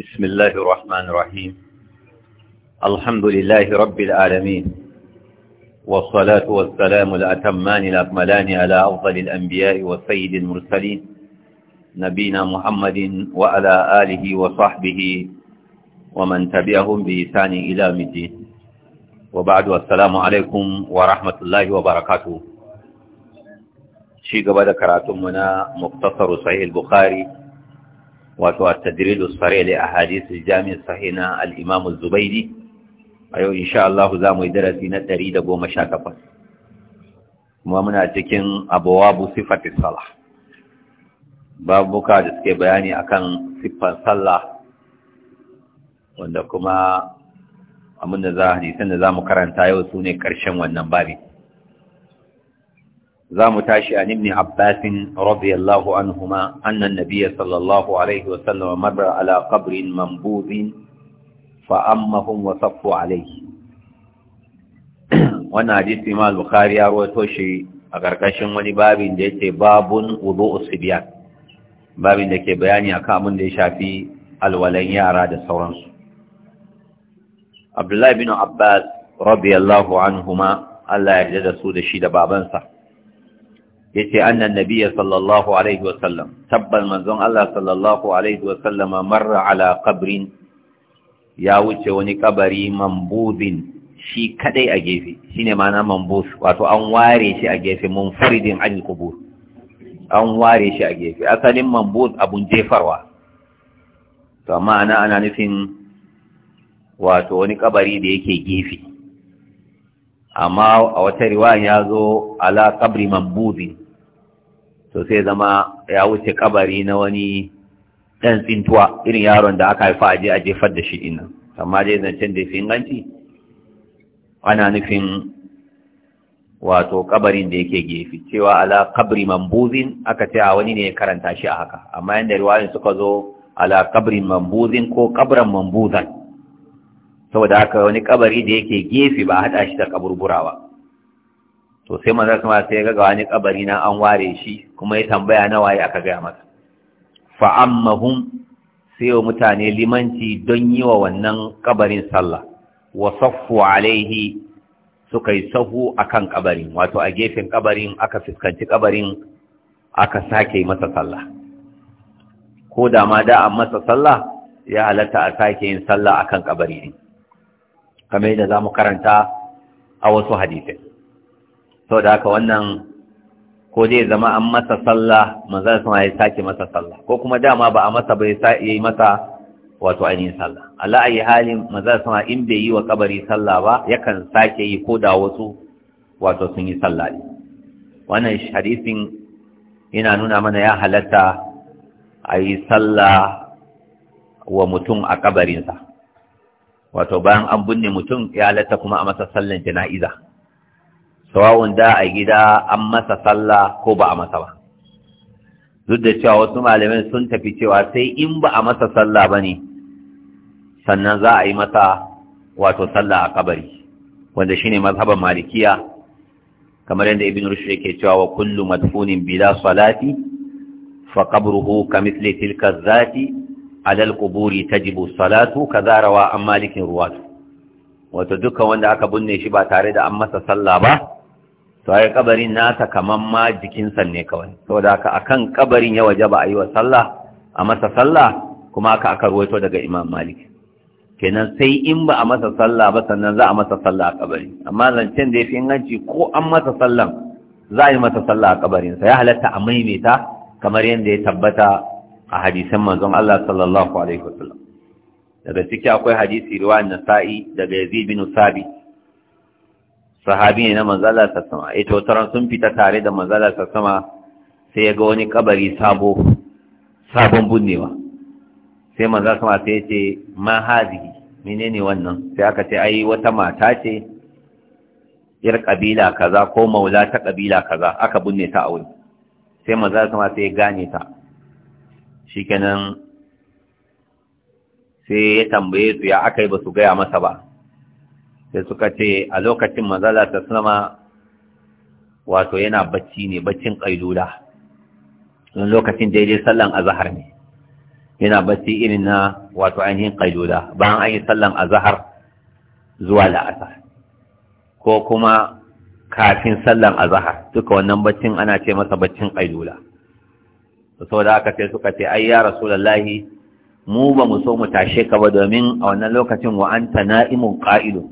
بسم الله الرحمن الرحيم الحمد لله رب العالمين والصلاة والسلام الأتمان الأكملان على أفضل الأنبياء والسيد المرسلين نبينا محمد وعلى آله وصحبه ومن تبعهم بإحسان إلى الدين وبعد والسلام عليكم ورحمة الله وبركاته شيء قبل كراتمنا مختصر صحيح البخاري wato a tadridu sare da a hadisu jami'in sahina al'imamu zubaidi a yau insha Allah za mu yi darasi na ɗari da goma sha takwas kuma muna cikin abuwabu sifatis salah babuka da suke bayani a kan siffar sallah wanda kuma abinda za a hadisan da za mu karanta yau su ne ƙarshen wannan babin za mu tashi a ibn abbasin radiyallahu anhuma annan nabiyya sallallahu alaihi wasallam marra ala qabrin mambobin, fa ammahum wa saffu alaihi wannan hadisi ma al ya rawaito shi a ƙarƙashin wani babin da yake babun wudu sibyan babin da ke bayani a kamun da ya shafi alwalan yara da sauransu abdullahi bin abbas radiyallahu anhuma Allah ya yarda da su da shi da babansa yace annan nabiyya sallallahu alaihi wa sallam tabban manzon Allah sallallahu alaihi wa sallama marra ala qabrin ya wuce wani kabari mambubin shi kadai a gefe shine ma'ana mambus wato an ware shi a gefe munfaridin anil qubur an ware shi a gefe asalin mambus abun jefarwa to amma ana ana nufin wato wani kabari da yake gefe amma a wata riwayan ya zo ala kabri mambuzi to sai zama ya wuce kabari na wani ɗan tsintuwa irin yaron da aka haifa aje a jefar da shi ina amma dai zancen da ya fi ana nufin wato kabarin da yake gefe cewa ala kabri mambuzin aka ce a wani ne ya karanta shi a haka amma yadda riwayan suka zo ala kabri mambuzin ko kabran mambuzan saboda haka wani kabari da yake gefe ba haɗa shi da kaburbura ba to sai manzo kuma sai ya ga wani kabari na an ware shi kuma ya tambaya na waye aka ga masa fa ammahum sai wa mutane limanci don yi wa wannan kabarin sallah wa saffu alaihi suka yi sahu akan kabarin wato a gefen kabarin aka fuskanci kabarin aka sake masa sallah ko da ma da an masa sallah ya halatta a sake yin sallah akan kabari ne kamar yadda za mu karanta a wasu hadisai sau da haka wannan ko zai zama an masa sallah manzan sama ya sake masa sallah ko kuma dama ba a masa bai ya yi masa wato ainihin sallah Allah ayi halin manzan sama in bai yi wa kabari sallah ba yakan sake yi ko da wasu wato sun yi sallah ne wannan hadisin yana nuna mana ya halatta a yi sallah wa mutum a kabarinsa wato bayan an binne mutum ya halatta kuma a masa sallan jana'iza sawawun da a gida an masa sallah ko ba a masa ba duk da cewa wasu malamai sun tafi cewa sai in ba a masa sallah ba ne sannan za a yi masa wato sallah a kabari wanda shine mazhaban malikiya kamar yadda ibn rushd yake cewa wa kullu madfunin bila salati fa qabruhu kamithli tilka zati alal ta tajibu salatu kaza rawa an malikin ruwat wato duka wanda aka binne shi ba tare da an masa sallah ba to ai kabarin nasa kaman ma jikin ne kawai saboda haka akan kabarin ya wajaba ayi wa sallah a masa sallah kuma aka aka ruwaito daga imam malik kenan sai in ba a masa sallah ba sannan za a masa sallah a kabari amma zancen da yafi inganci ko an masa sallan za a yi masa sallah a kabarin sa ya halatta a maimaita kamar yadda ya tabbata a hadisan manzon Allah sallallahu alaihi wasallam daga ciki akwai hadisi riwayat Nasa'i daga Yazid bin Sabi sahabi ne na manzon Allah sallallahu alaihi wasallam ita wata sun fita tare da manzon Allah sallallahu alaihi wasallam sai ya ga wani kabari sabo sabon bunnewa sai manzon sama sai ya ce ma hazihi menene wannan sai aka ce ai wata mata ce yar kabila kaza ko maula ta kabila kaza aka bunne ta a wuri sai manzon sama sai ya gane ta shikenan sai ya tambaye su ya aka yi ba su gaya masa ba sai suka ce a lokacin mazala ta sama wato yana bacci ne baccin ƙailula don lokacin daidai sallan azahar ne yana bacci irin na wato ainihin ƙailula bayan an yi sallan azahar zuwa la'asar ko kuma kafin sallan azahar duka wannan baccin ana ce masa baccin ƙailula saboda aka ce suka ce ai ya rasulullahi mu ba mu so mu tashe ka ba domin a wannan lokacin wa anta na'imun qa'idun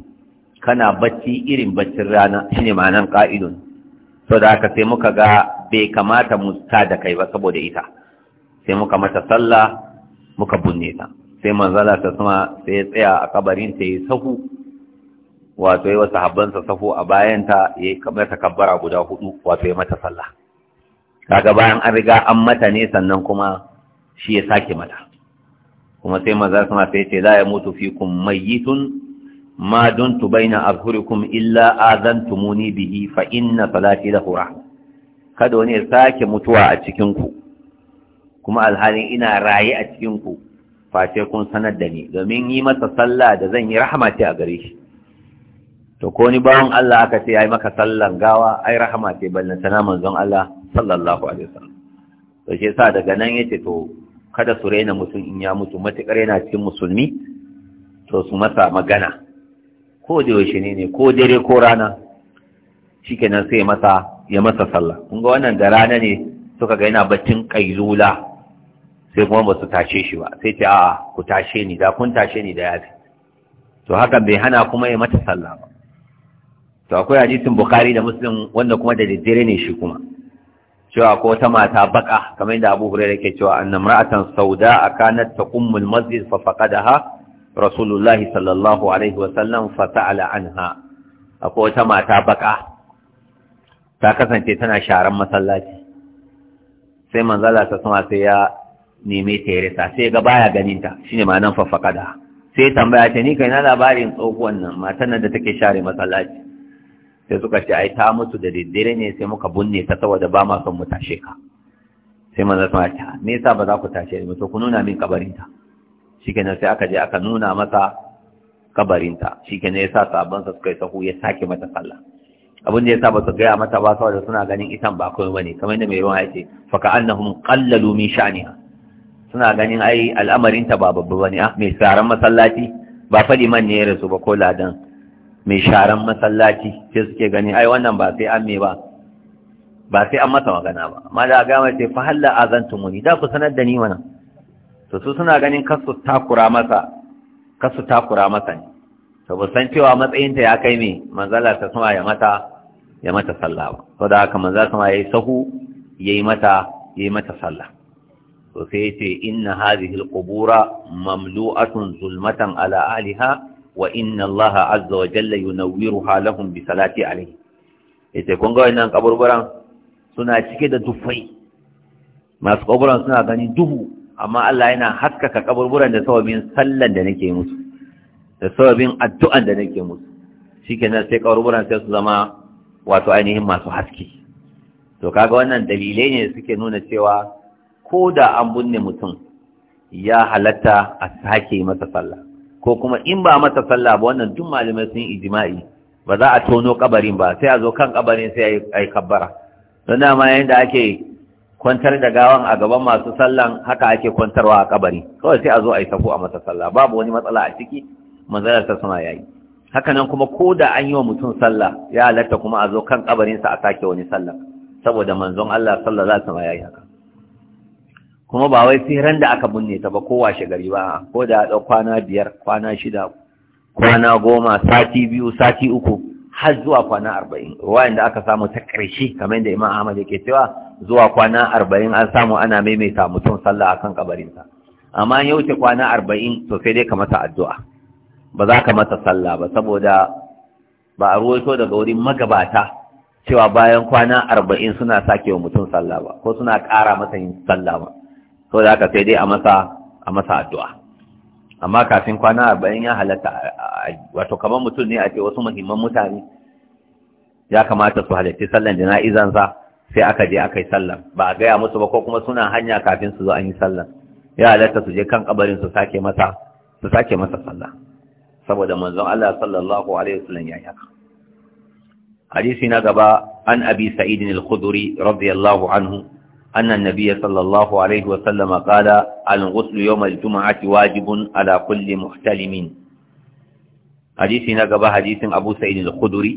kana bacci irin baccin rana shine ma'anan qa'ilun da aka sai muka ga bai kamata mu ta da kai ba saboda ita sai muka mata sallah muka bunne ta sai manzala ta sama sai ya tsaya a kabarin ta yi sahu wato yi wa sa sahu a bayanta ya kamar takabbara guda hudu wato ya mata sallah kaga bayan an riga an mata ne sannan kuma shi ya sake mata kuma sai maza sama sai ce la ya mutu fikum mayyitun ma duntu baina azhurikum illa azantumuni bihi fa inna salati da rahma kada wani ya sake mutuwa a cikin ku kuma alhalin ina raye a cikin ku face kun sanar da ni domin yi masa sallah da zan yi rahama ce a gare shi to ko ni bawan Allah aka ce yi maka sallan gawa ai rahama ce ballantana manzon Allah sallallahu alaihi wasallam to shi yasa daga nan yace to kada su raina mutum in ya mutu matukar yana cikin musulmi to su masa magana ko da yaushe ne ko dare ko rana shikenan sai masa ya masa sallah kun ga wannan da rana ne suka ga yana baccin kailula sai kuma ba su tashe shi ba sai ta a'a ku tashe ni da kun tashe ni da yafi to hakan bai hana kuma ya mata sallah ba to akwai hadisin bukhari da muslim wanda kuma da daddare ne shi kuma cewa ko wata mata baka kamar yadda Abu Hurairah yake cewa annam ra'atan sauda akanat taqummul masjid fa faqadaha Rasulullahi sallallahu alaihi wa sallam fa ta'ala anha akwai wata mata baka ta kasance tana sharan masallaci sai manzala ta sama sai ya neme ta ya ta, sai ga baya ganin ta shine ma'anan fa faqadaha sai tambaya ta ni kai na labarin tsohuwan nan matan da take share masallaci sai suka ce ai ta mutu da daddare ne sai muka bunne ta saboda ba ma son mu tashe ka sai manzo sun ce ah, me yasa ba za ku tashe ni to ku nuna min kabarinta shikenan sai aka je aka nuna masa kabarinta shikenan yasa sabon sa suka yi sahu ya sake mata sallah abin da yasa ba su gaya mata ba saboda suna ganin isan ba kawai bane kamar yadda mai ruwa yake fa annahum qallalu min sha'niha suna ganin ai al'amarinta ba babba bane ah mai saran masallaci ba fadi man ne ya rasu ba ko ladan mai sharan masallaci ce suke gani ai wannan ba sai an me ba ba sai an masa magana ba amma da ga mai sai fa halla azantumuni da ku sanar da ni mana to su suna ganin kasu takura masa kasu takura masa ne to ba san cewa matsayin ta ya kai me manzala ta sama ya mata ya mata sallah ba da haka manzala sama yayi sahu yayi mata yayi mata sallah to sai yace inna hadhihi alqubura mamlu'atun zulmatan ala ahliha wa inna Allah azza wa jalla yunawwiruha lahum bi salati alayhi yace kun ga wannan kaburburan suna cike da dufai masu kaburburan suna ganin dubu. amma Allah yana haskaka kaburburan da sababin sallan da nake musu da sababin addu'an da nake musu shikenan sai kaburburan sai su zama wato ainihin masu haske to kaga wannan dalilai ne suke nuna cewa ko da an binne mutum ya halatta a sake masa sallah ko kuma in ba mata sallah ba wannan duk malamai sun ijma'i ba za a tono kabarin ba sai a zo kan kabarin sai a yi kabbara don dama yadda da ake kwantar da gawan a gaban masu sallan haka ake kwantarwa a kabari kawai sai a zo a yi sako a mata sallah babu wani matsala a ciki manzalar ta sama yayi haka nan kuma ko da an yi wa mutum sallah ya halatta kuma a zo kan kabarinsa a sake wani sallah saboda manzon Allah sallallahu alaihi wasallam yayi haka kuma ba wai sai da aka binne ta ba kowa gari ba ko da ɗau kwana biyar kwana shida kwana goma sati biyu sati uku har zuwa kwana arba'in ruwayan da aka samu ta ƙarshe kamar da imam ahmad yake cewa zuwa kwana arba'in an samu ana maimaita mutum sallah akan kabarinsa amma ya wuce kwana arba'in to sai dai ka masa addu'a ba za ka masa sallah ba saboda ba a ruwaito daga wurin magabata cewa bayan kwana arba'in suna sake wa mutum sallah ba ko suna ƙara masa yin sallah ba so da aka sai dai a masa a masa addu'a amma kafin kwana arba'in ya halatta wato kamar mutum ne a ce wasu muhimman mutane ya kamata su halarci sallan sa sai aka je aka yi sallan ba a gaya musu ba ko kuma suna hanya kafin su zo an yi sallan ya halatta su je kan kabarin su sake masa su sake masa sallah saboda manzon Allah sallallahu alaihi wasallam ya yi Hadisi, na gaba an abi sa'id al-khudri radiyallahu anhu أن النبي صلى الله عليه وسلم قال الغسل يوم الجمعة واجب على كل محتلم حديث نقبة حديث أبو سعيد الخدري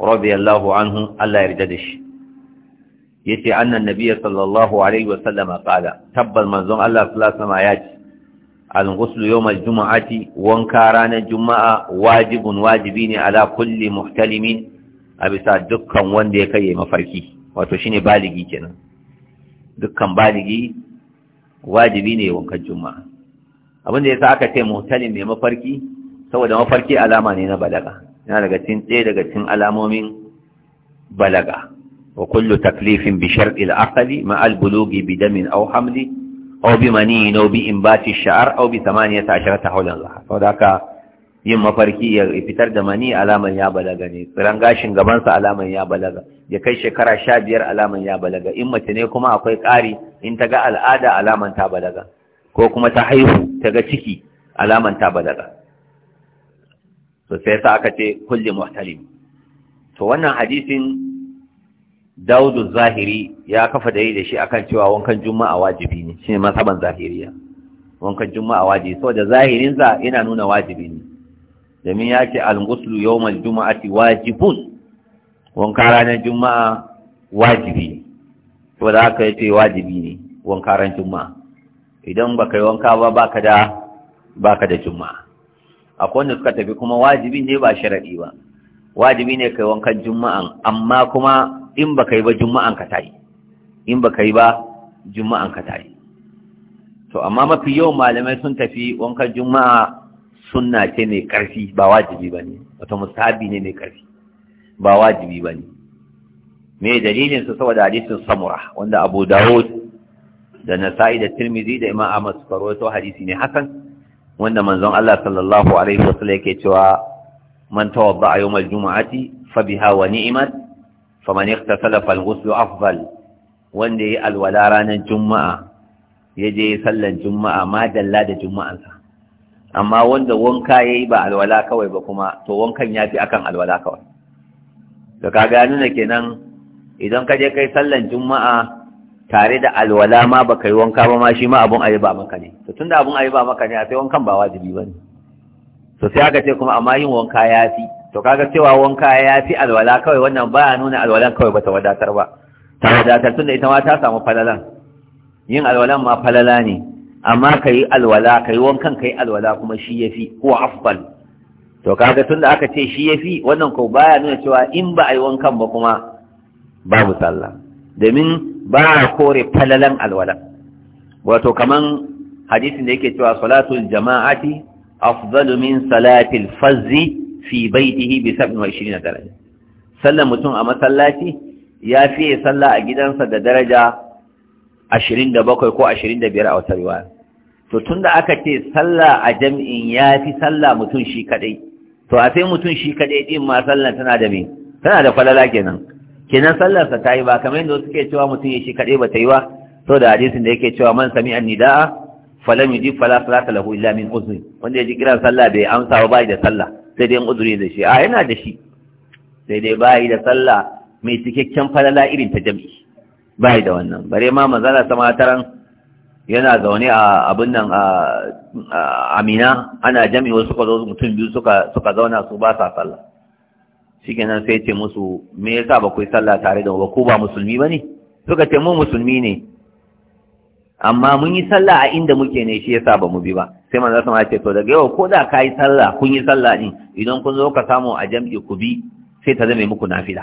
رضي الله عنه ألا يرددش يتي أن النبي صلى الله عليه وسلم قال تب المنظوم الله صلى الله عليه وسلم آيات الغسل يوم الجمعة وانكاران الجمعة واجب واجبين على كل محتلم أبسا دكا وانديكي مفركي وتشيني بالغي كنا dukkan baligi wajibi ne wankan juma'a abinda ya sa aka ce mutalin mai mafarki saboda mafarki alama ne na balaga yana daga cikin ɗaya daga cin alamomin balaga wa kullu taklifin bi shar'il aqli ma al bulugi bi damin aw hamli aw bi manin aw bi inbati shar aw bi 18 hawlan zahar saboda haka yin mafarki ya fitar da mani alaman ya balaga ne tsiran gashin gabansa alaman ya balaga ya kai shekara sha biyar alaman ya balaga in mace ne kuma akwai ƙari in ta ga al'ada alaman ta balaga ko kuma ta haihu ta ga ciki alaman ta balaga to sai sa aka ce kulli muhtalim to wannan hadisin daudu zahiri ya kafa da yi da shi akan cewa wankan juma'a wajibi ne shine mazhaban zahiriya wankan juma'a wajibi saboda zahirinsa yana nuna wajibi ne domin ya ce al mai juma'a juma'ati wajibun wanka ranar juma'a wajibi to da aka yace wajibi ne wanka ran juma'a idan ka yi wanka ba baka da da juma'a akwai wanda suka tafi kuma wajibi ne ba sharaɗi ba wajibi ne kai wankan juma'an amma kuma in baka yi ba juma'an ka tayi in baka yi ba juma'an ka tayi to amma mafi yawan malamai sun tafi wankan juma'a sunna ce mai ƙarfi ba wajibi ba ne wata musabi ne mai ƙarfi ba wajibi ba ne mai dalilin su saboda hadisin samura wanda abu dawud da nasa'i da tirmizi da imam ahmad su karwato hadisi ne Hassan, wanda manzon allah sallallahu alaihi wasallam yake cewa man tawadda a yawmal juma'ati fa biha wa ni'mat faman ightasala fal ghuslu afdal wanda yi alwala ranar juma'a ya je sallan juma'a ma dalla da juma'ansa amma wanda wanka ya yi ba alwala kawai ba kuma to wankan ya fi akan alwala kawai da ka gano na kenan idan ka je kai sallan juma'a tare da alwala ma ba kai wanka ba ma shi ma abun ayi ba maka ne to tunda abun ayi ba maka ne a sai wankan ba wajibi ba ne to sai aka ce kuma amma yin wanka ya fi to kaga cewa wanka ya fi alwala kawai wannan ba ya nuna alwalan kawai ba ta wadatar ba ta wadatar tunda ita ma ta samu falalan yin alwalan ma falala ne amma ka yi alwala ka yi wankan ka yi alwala kuma shi ya fi ko afbal to kaga tun da aka ce shi ya fi wannan ko baya nuna cewa in ba a yi wankan ba kuma babu sallah domin ba a kore falalan alwala wato kaman hadisin da yake cewa salatul jama'ati afdalu min salatil fazzi fi baitihi bi 27 daraja Sallan mutum a masallaci ya fiye sallah a gidansa da daraja ashirin da bakwai ko ashirin da biyar a wata riwaya to tunda aka ce sallah a jam'in ya fi sallah mutum shi kadai to a sai mutum shi kadai din ma sallah tana da me tana da falala kenan kenan sallarsa ta yi ba kamar yadda suke cewa mutum ya shi kadai ba ta yi ba to da hadisin da yake cewa man sami an nida'a falam yujib fala salata lahu illa min uzri wanda ya ji kiran sallah bai amsa ba bai da sallah sai dai uzuri da shi a yana da shi sai dai bai da sallah mai cikakken falala irin ta jami'i bai da wannan bare ma manzala sama taran yana zaune a abin nan a amina ana jami'a suka zo mutum biyu suka zauna su ba sa sallah shi kenan sai ce musu me yasa ba ku yi sallah tare da ba ko ba musulmi ba ne suka ce mu musulmi ne amma mun yi sallah a inda muke ne shi yasa ba mu bi ba sai manzo sama ce to daga yau ko da ka yi sallah kun yi sallah din idan kun zo ka samu a jam'i ku bi sai ta zame muku nafila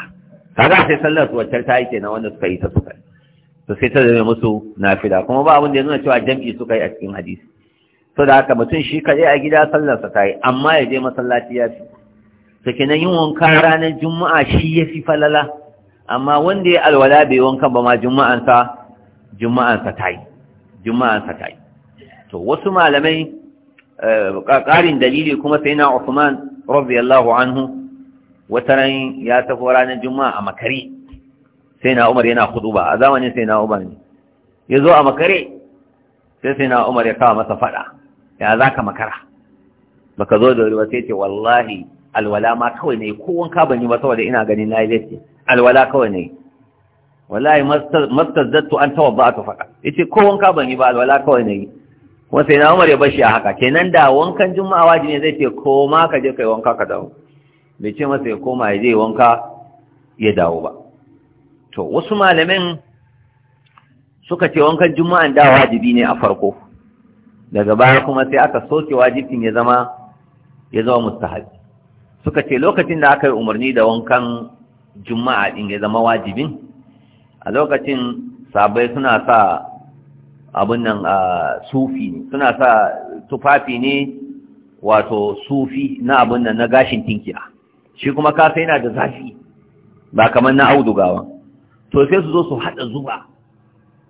kaga sai sallar su wacce ta yi kenan wanda suka yi ta suka to sai ta zama musu nafila kuma ba abin da ya nuna cewa jam'i suka yi a cikin hadisi to da haka mutum shi kaɗai a gida sallarsa ta yi amma ya je masallaci ya fi to kenan yin wanka ranar juma'a shi ya fi falala amma wanda ya alwala bai wanka ba ma juma'ansa juma'ansa ta yi juma'ansa ta yi to wasu malamai eh, ƙarin dalili kuma sai na usman radiyallahu anhu ran ya tafi ranar juma'a a makare sai na umar yana ba, a zamanin sai na umar ne ya zo a makare sai sai na umar ya kawo masa fada ya za ka makara baka zo da ruwa sai ce wallahi alwala ma kawai ne ko wanka ban yi ba saboda ina ganin na yi zai alwala kawai ne wallahi mastazzattu an tawabba'atu faqa yace ko wanka ban yi ba alwala kawai ne kuma sai na Umar ya bashi a haka kenan da wankan juma'a waje ne zai ce ko ma ka je kai wanka ka dawo bai ce masa ya koma ya je wanka ya dawo ba to wasu malamin suka ce wankan juma'an da wajibi ne a farko daga baya kuma sai aka soke wajibin ya zama ya zama mustahab suka ce lokacin da aka yi umarni da wankan juma'a din ya zama wajibin a lokacin sabai suna sa abin nan a sufi suna sa tufafi ne wato sufi na abin nan na gashin tinkiya shi kuma kasa yana da zafi ba kamar na audugawa to sai su zo su haɗa zuba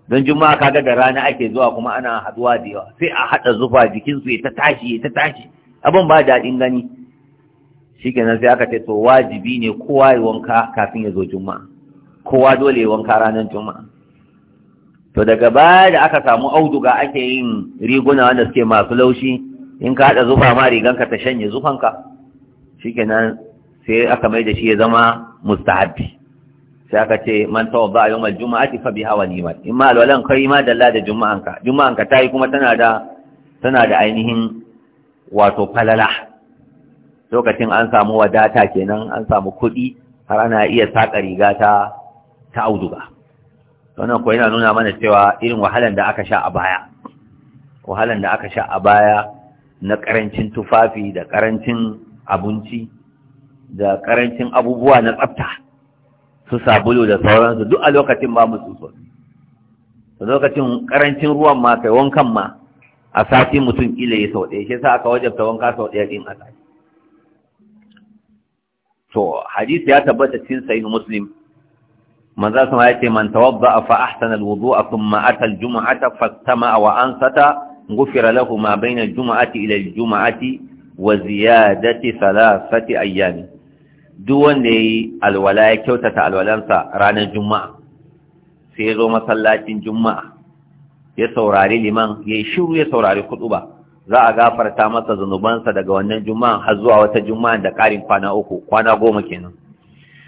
don juma'a kaga da rana ake zuwa kuma ana haduwa da yawa sai a haɗa zufa jikinsu ya ta tashi ya ta tashi abin ba daɗin gani shi kenan sai aka ce to wajibi ne kowa ya wanka kafin ya zo juma'a kowa dole ya wanka ranar juma'a to daga baya da aka samu auduga ake yin riguna wanda suke masu laushi in ka haɗa zufa ma riganka ta shanye zufanka shi kenan sai aka mai da shi ya zama mustahabbi sai aka ce man tawadda yawmal juma'ati fa biha wa ni'mat in ma alwalan kai ma dalla da juma'anka juma'anka tayi kuma tana da tana da ainihin wato falala lokacin an samu wadata kenan an samu kuɗi har ana iya saka riga ta ta auduga wannan ko yana nuna mana cewa irin wahalan da aka sha a baya wahalan da aka sha a baya na karancin tufafi da karancin abinci da karancin abubuwa na tsafta su sabulu da sauransu duk a lokacin ba mu su so lokacin karancin ruwan ma kai wankan ma a sati mutum kila ya sau ɗaya shi sa aka wajabta wanka sau ɗaya ɗin a sati to hadisi ya tabbata cikin sahih muslim Maza sama ce man tawadda fa ahsana alwudu'a thumma ata aljum'ata fastama'a wa ansata ghufira lahu ma bayna aljum'ati ila aljum'ati wa ziyadati thalathati ayyamin duk wanda ya yi alwala ya kyautata alwalansa ranar juma'a sai ya zo masallacin juma'a ya saurari liman ya yi shiru ya saurari ba za a gafarta masa zunubansa daga wannan juma'a har zuwa wata juma'a da karin kwana uku kwana goma kenan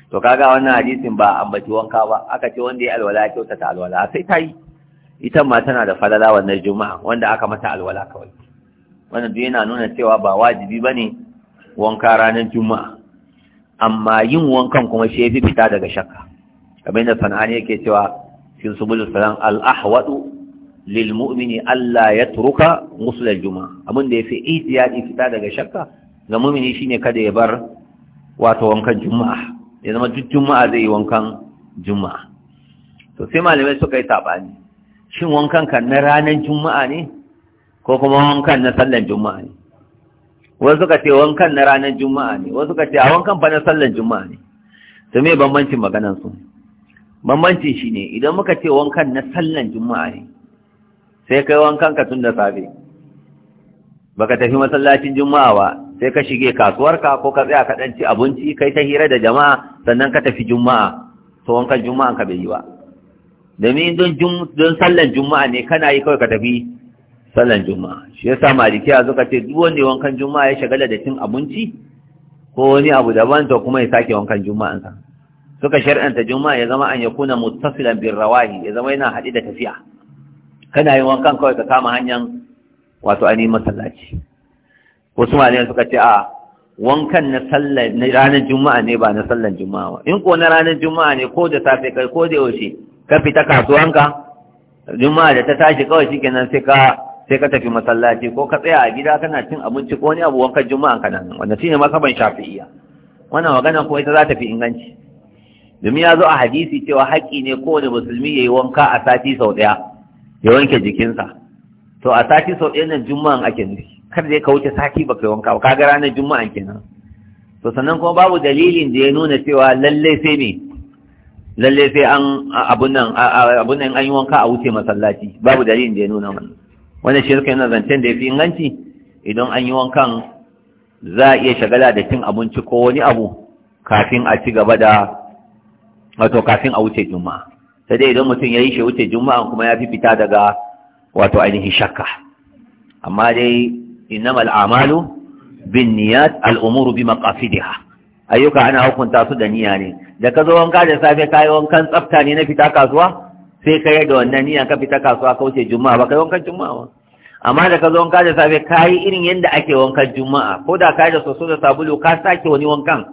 to kaga wannan hadisin ba ambaci wanka ba aka ce wanda ya alwala ya kyautata alwala sai ta yi ita ma tana da falala wannan juma'a wanda aka mata alwala kawai wannan duk yana nuna cewa ba wajibi bane wanka ranar juma'a amma yin wankan kuma shi yafi fita daga shakka kamar da sanani yake cewa su subul salam al ahwadu lil mu'mini alla yatruka musul al juma abin da yafi ihtiyadi fita daga shakka ga mu'mini shine kada ya bar wato wankan juma'a ya zama duk juma'a zai yi wankan juma'a to sai malamai suka yi sabani shin wankan kan na ranar juma'a ne ko kuma wankan na sallar juma'a ne wasu suka ce wankan na ranar juma'a ne wasu suka ce a wankan fa na sallar juma'a ne to me bambancin maganar su bambancin shi ne idan muka ce wankan na sallan juma'a ne sai kai wankan ka tun da safe baka tafi masallacin juma'a ba sai ka shige kasuwarka ko ka tsaya ka dan ci abinci kai ta hira da jama'a sannan ka tafi juma'a to wankan juma'an ka bai yi ba domin don sallan juma'a ne kana yi kawai ka tafi sallan juma'a shi yasa malikiya suka ce duk wanda wankan juma'a ya shagala da cin abinci ko wani abu daban to kuma ya sake wankan juma'an sa suka shar'anta juma'a ya zama an yakuna muttasilan bil rawahi ya zama yana hadi da tafiya kana yin wankan kawai ka kama hanyar wato ani masallaci wasu malayan suka ce a wankan na sallar na ranar juma'a ne ba na sallar juma'a ba in ko na ranar juma'a ne ko da safe kai ko da yaushe ka fita kasuwanka juma'a da ta tashi kawai shikenan sai ka sai ka tafi masallaci ko ka tsaya a gida kana cin abinci ko wani abu wankan juma'a kana wannan shine ma masaban shafi'iyya wannan magana ko ita za ta fi inganci domin ya zo a hadisi cewa haƙƙi ne kowane musulmi ya yi wanka a sati sau ɗaya ya wanke jikinsa to a sati sau ɗaya nan Juma'a ake nufi kar da ka wuce sati ba kai wanka ba ka ga ranar juma'a kenan to sannan kuma babu dalilin da ya nuna cewa lallai sai ne lallai sai an abun nan an yi wanka a wuce masallaci babu dalilin da ya nuna wannan wanda shi suka yana zancen da ya fi inganci idan an yi wankan za a iya shagala da cin abinci ko wani abu kafin a ci gaba da wato kafin a wuce juma'a sai dai idan mutum ya yi shi wuce juma'a kuma ya fi fita daga wato ainihin shakka amma dai innamal a'malu bin niyat al'umuru bi maqasidiha ayyuka ana hukunta su da niyya ne da ka zo wanka da safe kayi wankan tsafta ne na fita kasuwa sai ka da wannan niyan ka fita kasuwa ka wuce juma'a ba kai wankan juma'a amma da ka zo wanka da safe ka yi irin yadda ake wankan juma'a ko da ka yi da soso da sabulu ka sake wani wankan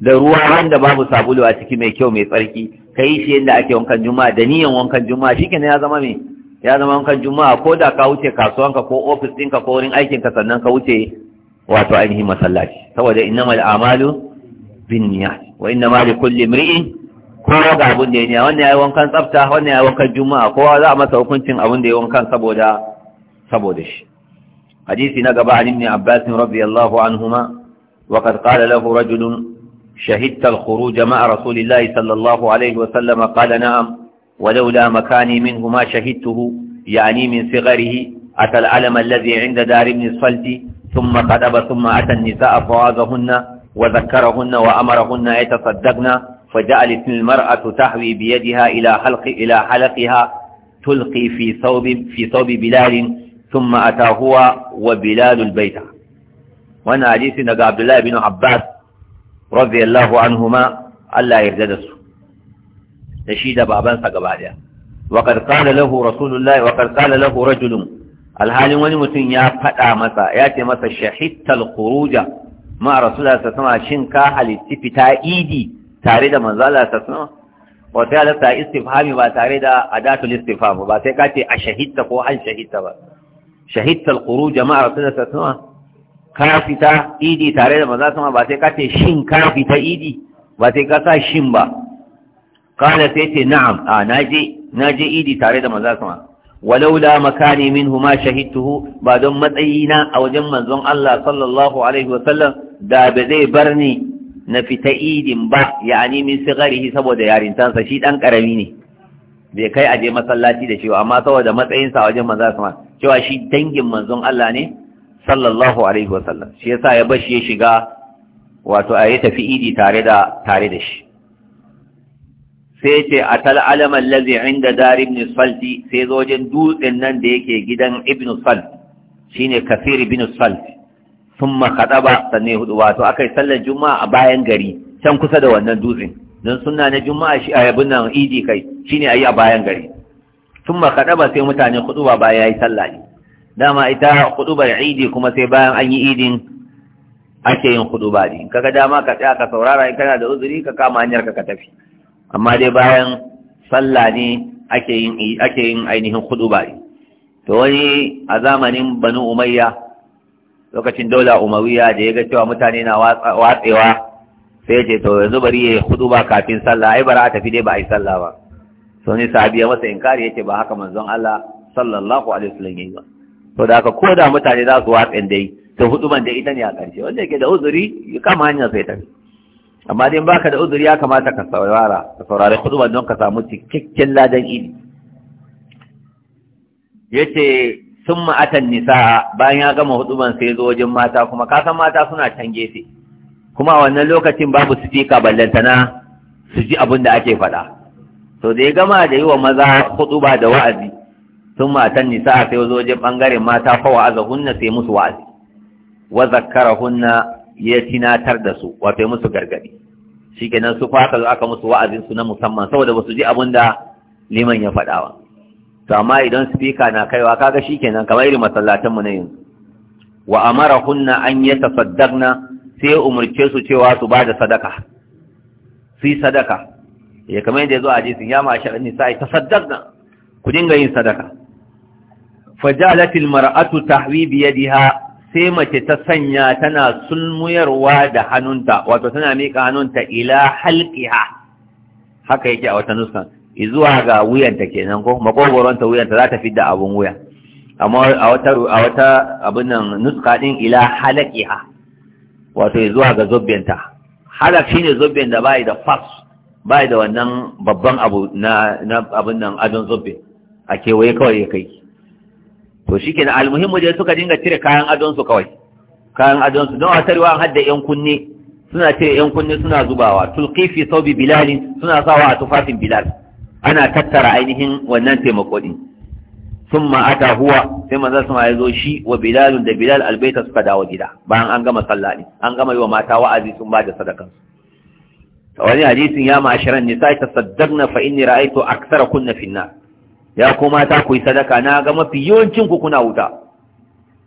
da ruwa wanda babu sabulu a ciki mai kyau mai tsarki ka yi shi yadda ake wankan juma'a da niyan wankan juma'a kenan ya zama me ya zama wankan juma'a ko da ka wuce kasuwanka ko ofis ɗinka ko wurin aikinka sannan ka wuce wato ainihin masallaci saboda innamal a'malu binniyat wa innama kulli imri'in kowa ga abin da ya niya wannan ya yi wankan tsafta wannan ya yi wankan juma'a kowa za a masa hukuncin abin da ya yi wankan saboda saboda shi hadisi na gaba an ibn abbas radiyallahu anhuma wa kad qala lahu rajulun شهدت الخروج مع رسول الله wa الله عليه وسلم قال نعم ولولا مكاني منه ما شهدته يعني من صغره أتى العلم الذي عند دار ابن الصلت ثم قدب ثم أتى النساء فوازهن وذكرهن وأمرهن يتصدقن فجعلت المرأة تهوي بيدها إلى حلق إلى حلقها تلقي في ثوب في ثوب بلال ثم أتى هو وبلال البيت وانا حديث نجا عبد الله بن عباس رضي الله عنهما الله يهدد تشيد بابا سقبايا وقد قال له رسول الله وقد قال له رجل الحال وني متن يا فدا مسا ياتي مسا شهدت الخروج مع رسول الله صلى الله عليه وسلم شن كا حلتي فتا ايدي tare da manzala ta sunan ba ta halatta istifhami ba tare da adatul istifham ba sai ka ce a shahidta ko an shahidta ba shahidta alquru jama'a rasul ta sunan ka fita idi tare da manzala ta ba sai ka ce shin ka fita idi ba sai ka sa shin ba kana sai ce na'am a naje naje idi tare da manzala ta ولولا مكاني منهما شهدته بعد متينا او جن منزون الله صلى الله عليه وسلم دا بزي برني na fita idin ba yani min sigarihi saboda yarintansa shi dan karami ne bai kai aje masallaci da cewa amma saboda matsayinsa wajen manzo sama cewa shi dangin manzon Allah ne sallallahu alaihi wasallam shi yasa ya bashi ya shiga wato a tafi idi tare da tare da shi sai ce a tal alaman lazi inda dar ibn salti sai zo wajen dutsen nan da yake gidan ibn salt shine kasir ibn salt thumma khadaba sanne hudu wato akai sallar juma'a a bayan gari can kusa da wannan dutsen don sunna na juma'a shi a yabin nan idi kai shine ayi a bayan gari thumma makaɗaba sai mutane hudu ba bayan yayi sallah ne dama ita hudu hudubar idi kuma sai bayan an yi idin ake yin ba ne kaga dama ka tsaya ka saurara in kana da uzuri ka kama hanyar ka tafi amma dai bayan sallah ne ake yin ake yin ainihin hudu ne to wani a zamanin banu umayya lokacin daula umawiya da ya ga cewa mutane na watsewa sai ya ce to yanzu bari ya hudu ba kafin sallah ai bara a tafi dai ba a yi sallah ba sau ne sahabi ya masa inkari ya ce ba haka manzon Allah sallallahu alaihi wasallam ya yi ba to da haka koda da mutane za su watsen dai to hudu ban da ita ne a ƙarshe wanda yake da uzuri ya kama hanyar sai tafi amma dai baka da uzuri ya kamata ka saurara ka saurari hudu ban don ka samu cikakken ladan idi yace sun ma'atan nisa bayan ya gama huduban sai zo wajen mata kuma kasan mata suna can gefe kuma wannan lokacin babu sifika ballantana su ji abin da ake faɗa to da ya gama da yi wa maza ba da wa'azi sun ma'atan nisa sai zo wajen ɓangaren mata fa wa'aza hunna sai musu wa'azi wa zakkara hunna ya tinatar da su wato musu gargaɗi shikenan su fata aka musu wa'azin su na musamman saboda ba su ji abin da liman ya faɗa ba to amma idan speaker na kaiwa kaga shikenan kamar irin masallatan mu na yanzu wa amarahunna an yatasaddaqna sai umurce su cewa su bada sadaka su yi sadaka ya eh, kamar yadda ya zo a hadisin ya ma sha'an nisa ta saddaqna ku dinga yin sadaka fajalatil mar'atu tahwi bi yadiha sai mace ta sanya tana sulmuyarwa da hannunta wato tana miƙa hannunta ila halqiha haka yake a wata nuskan izuwa ga wuyanta kenan ko makogoronta wuyanta za ta fi da abun wuya amma a wata a wata abin nan nuska din ila halaqiha wato izuwa ga zobbenta halak shine zobben da bai da fas bai da wannan babban abu na na abin nan adon zobbe a kewaye kawai ya kai to shikenan almuhimmu dai suka dinga cire kayan adon su kawai kayan adon su don a tarwa an hadda yan kunne suna cire yan kunne suna zubawa tulqi fi thawbi bilal suna sawa a tufafin bilal ana tattara ainihin wannan taimako din thumma ata huwa sai maza sama ya zo shi wa bilal da bilal albaita suka dawo gida bayan an gama sallah din an gama yi wa mata wa'azi sun ba da sadaka wani hadisin ya ma'asharan nisa tasaddaqna fa inni ra'aytu akthara kunna fi ya ko mata ku yi sadaka na ga mafi yawancin ku kuna wuta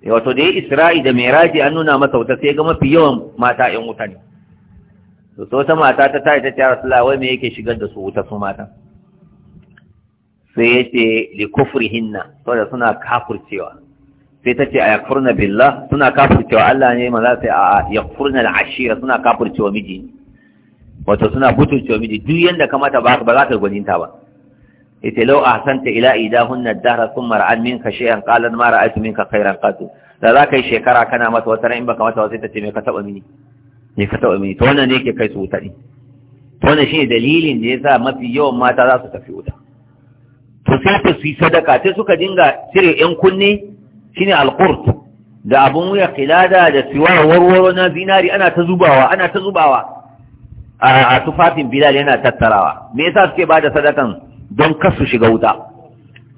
eh, wato da ya isra'i da miraji an nuna masa wuta sai ga mafi yawan mata yan wuta ne to wata mata ta tayi ta ce rasulullah wai me yake shigar da su wuta su mata sai ya ce li kufrihinna saboda suna kafurcewa sai ta ce a yakfurna billah suna kafurcewa Allah ne maza sai a yakfurna al'ashira suna kafurcewa miji wato suna butulcewa miji duk yanda kamata ba ba za ka gwaninta ba Ita yace law ahsanta ila idahunna ad sun thumma ra'at minka shay'an qalan ma ra'aytu ka khayran qatu da za ka yi shekara kana mata wata ran in baka mata sai ta ce me ka taba mini me ka taba mini to wannan ne yake kai su wuta ne to wannan shine dalilin da yasa mafi yawan mata za su tafi wuta to sai ta su yi sadaka sai suka dinga cire yan kunne ne alqurt da abin wuya kilada da siwar warwaro na zinari ana ta zubawa ana ta zubawa a tufafin bilal yana tattarawa me yasa suke bada sadakan don kasu shiga wuta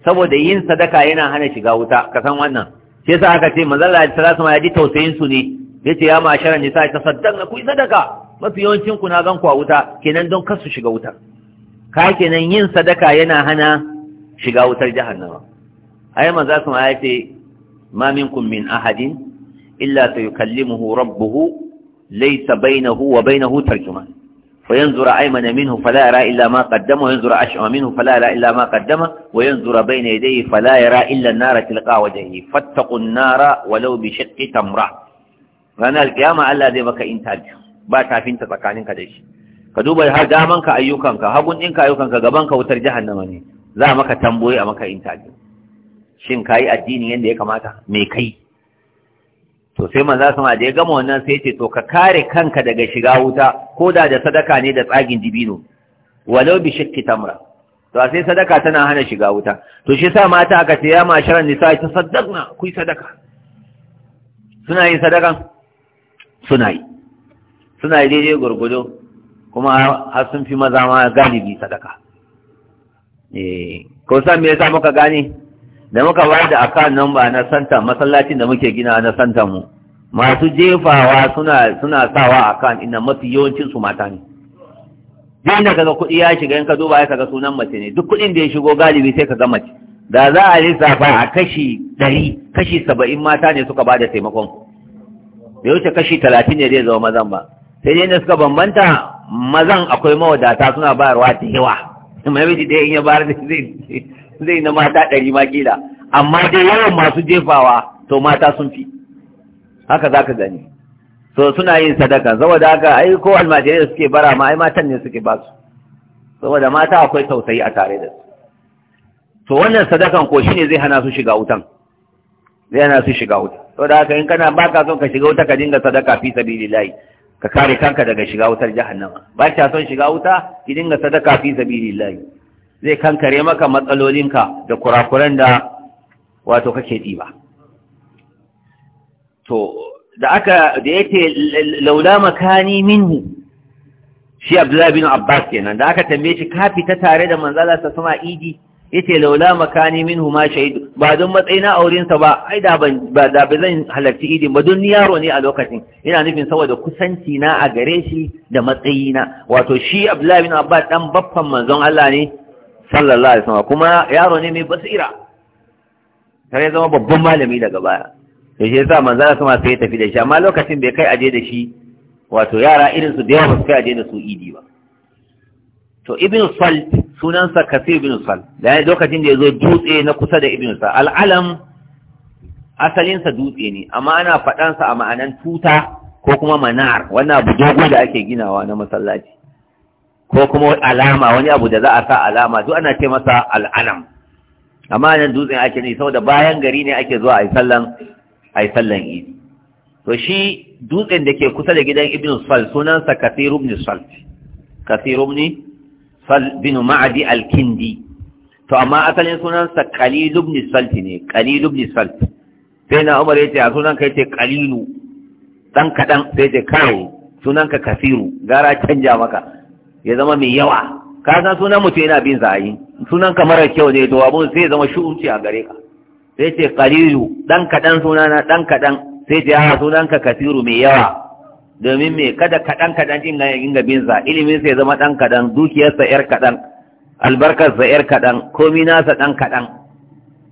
saboda yin sadaka yana hana shiga wuta ka san wannan shi yasa aka ce manzala da salatu ma ya ji tausayin su ne yace ya ma'ashara nisa ta saddan ku sadaka mafi yawancin ku na gan ku a wuta kenan don kasu shiga wuta ka kenan yin sadaka yana hana shiga wutar jahannama ayi manza sun aya ce ma minkum min ahadin illa sayukallimuhu rabbuhu laysa bainahu wa bainahu tarjuma fa yanzura aymana minhu fala yara illa ma qaddama wa yanzura ashama minhu fala yara illa ma qaddama wa yanzura bayna yadayhi fala yara illa nara tilqa wajhihi fattaqu an-nara walau bi shiqqi tamra ranar al Allah zai maka intaji ba kafin ta tsakaninka da shi ka duba har damanka ayyukanka hagun dinka ayyukanka gaban ka wutar jahannama ne za maka tamboyi a maka intabi shin ka yi addini yadda ya kamata me kai to sai su ma da ya gama wannan sai ce to ka kare kanka daga shiga wuta ko da da sadaka ne da tsagin dibino walau bi shakki tamra to sai sadaka tana hana shiga wuta to shi sa mata aka ce ya masharan nisa ta saddaqna ku sadaka suna yin sadakan suna yi suna yi daidai gurgudo kuma har sun fi maza ma galibi sadaka Eh, ko san me yasa muka gane da muka bada da akan namba na santa masallacin da muke gina na santa mu masu jefawa suna suna sawa akan ina mafi yawancin su mata ne duk da kaga kuɗi ya shiga in ka duba ya kaga sunan mace ne duk kuɗin da ya shigo galibi sai ka ga mace da za a lissafa a kashi ɗari kashi saba'in mata ne suka bada taimakon da wuce kashi talatin ne zai zama mazan ba sai dai da suka bambanta mazan akwai mawadata suna bayarwa da yawa namiji dai in ya bayar zai na mata ɗari ma kila amma dai yawan masu jefawa to mata sun fi haka za ka gani so suna yin sadaka saboda haka ai ko almajirai da suke bara ma ai matan ne suke basu saboda mata akwai tausayi a tare da su to wannan sadakan ko shine zai hana su shiga wutan zai hana su shiga wutan saboda haka in kana baka son ka shiga wuta ka dinga sadaka fi sabilillah ka kare kanka daga shiga wutar jahannama ba ka son shiga wuta ki dinga sadaka fi sabilillahi zai kankare maka matsalolinka da kurakuran da wato kake diba to da aka da yake laula makani minhu shi Abdullahi bin Abbas kenan da aka tambaye shi ka fita tare da manzala ta sama idi yace laula makani minhu ma shahid ba don matsayina a wurinsa ba ai da ban ba da ba zan halarci idin ba don yaro ne a lokacin ina nufin saboda kusanci na a gare shi da matsayina wato shi Abdullahi bin Abbas dan baffan manzon Allah ne sallallahu alaihi wasallam kuma yaro ne mai basira sai zama babban malami daga baya to shi yasa manzon Allah sama sai ya tafi da shi amma lokacin bai kai aje da shi wato yara irin su da yawa ba su kai aje da su idi ba to ibn Salt sunansa kasir ibn sal da ya lokacin da ya zo dutse na kusa da ibn sal al'alam asalinsa dutse ne amma ana faɗansa a ma'anan tuta ko kuma manar wannan abu dogo da ake ginawa na masallaci ko kuma alama wani abu da za a sa alama duk ana ce masa al'alam amma nan dutsen ake ne saboda bayan gari ne ake zuwa a yi sallan a yi sallan idi to shi dutsen da ke kusa da gidan ibn sal sunansa kasir ibn sal kasir ibn sal bin ma'adi alkindi, to amma asalin sunansa qalil ibn salt ne qalil ibn salt sai na umar yace a sunan kai ce qalilu dan kadan sai ce kai sunan ka kafiru gara canja maka ya zama mai yawa ka san sunan mutum yana bin za'ayi, sunan ka mara kyau ne to abun sai zama shuruci a gare ka sai ce qalilu dan kadan sunana dan kadan sai ce a ah, sunan ka kafiru mai yawa domin me kada kaɗan kaɗan ɗin ga yin gabinsa ilimin sai zama ɗan kaɗan dukiyarsa ‘yar kaɗan albarkarsa ‘yar kaɗan komi nasa ɗan kaɗan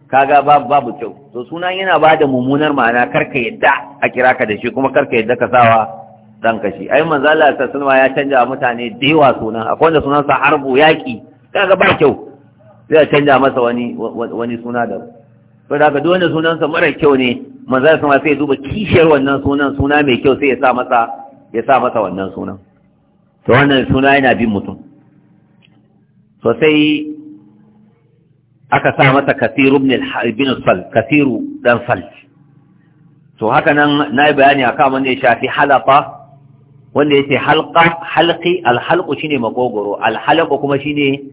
kaga babu babu kyau to suna yana ba da mummunar ma'ana karka yadda a kira ka da shi kuma karka yadda ka sawa ɗan ka shi ai manzo Allah ta sunwa ya canja wa mutane da yawa suna akwai wanda sunansa harbu yaƙi kaga ba kyau sai ya canja masa wani wani suna da to daga duk wanda sunansa mara kyau ne manzo ma sai ya duba kishiyar wannan sunan suna mai kyau sai ya sa masa ya sa masa wannan sunan to wannan suna yana bin mutum to sai aka sa masa kasiru ibn al-harbin sal kasiru dan sal to haka nan na yi bayani akan wanda ya shafi halafa wanda ya ce halqa halqi al-halqu shine magogoro. al-halqu kuma shine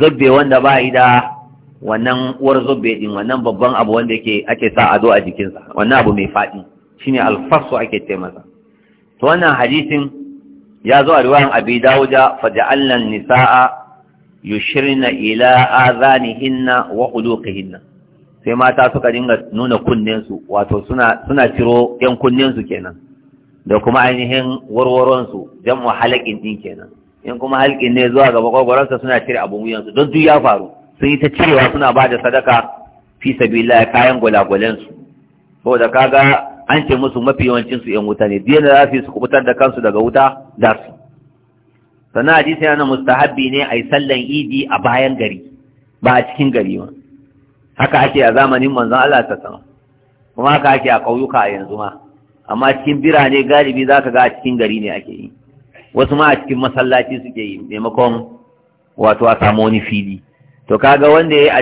zabbe wanda ba yi da wannan warzo zobe din wannan babban abu wanda yake ake sa ado a jikinsa wannan abu mai faɗi shine alfasu ake ce masa to wannan hadisin ya zo a riwayan abi dawuda fa ja'alna nisaa yushirna ila azanihinna wa hinna. sai mata suka dinga nuna kunnen su wato suna suna ciro yan kunnensu kenan da kuma ainihin warwaron su jam'u halaqin din kenan in kuma halqin ne zuwa gaba kwakwaransa suna cire abun wuyan don duk ya faru sun yi ta cewa suna ba da sadaka fi sabilillah kayan gwalagwalensu su saboda kaga an ce musu mafi yawancin su yan wuta ne biyan da za su yi su kubutar da kansu daga wuta da su sannan hadisi yana mustahabbi ne a yi sallan idi a bayan gari ba a cikin gari ba haka ake a zamanin manzon Allah ta sama kuma haka ake a ƙauyuka a yanzu ma amma cikin birane galibi za ka ga a cikin gari ne ake yi wasu ma a cikin masallaci suke yi maimakon wato a samu wani fili to kaga wanda ya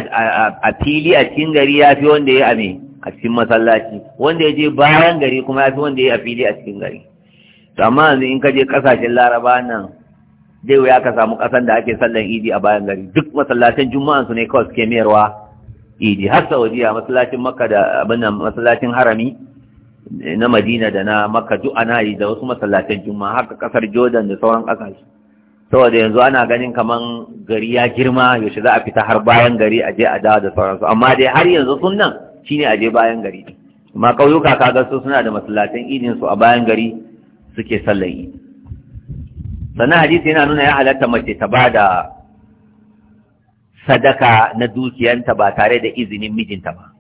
a fili a cikin gari ya fi wanda ya ame a cikin masallaci wanda ya je bayan gari kuma ya fi wanda ya a fili a cikin gari to amma yanzu in ka je kasashen laraba nan zai wuya ka samu kasan da ake sallan idi a bayan gari duk masallacin juma'an su ne kawai suke mayarwa idi har saudiya masallacin makka da abin nan masallacin harami eh, na madina da na makka duk ana yi da wasu masallacin juma'a haka kasar jordan da sauran kasashe saboda yanzu ana ganin kaman gari ya girma yaushe za a fita har bayan gari a je a dawo da sauransu amma dai har yanzu sun sunnan shine a je bayan gari amma ƙauyuka kaga su suna da masallatan idin su a bayan gari suke sallan idi sannan hadisi yana nuna ya halatta mace ta ba da sadaka na dukiyanta ba tare da izinin mijinta ba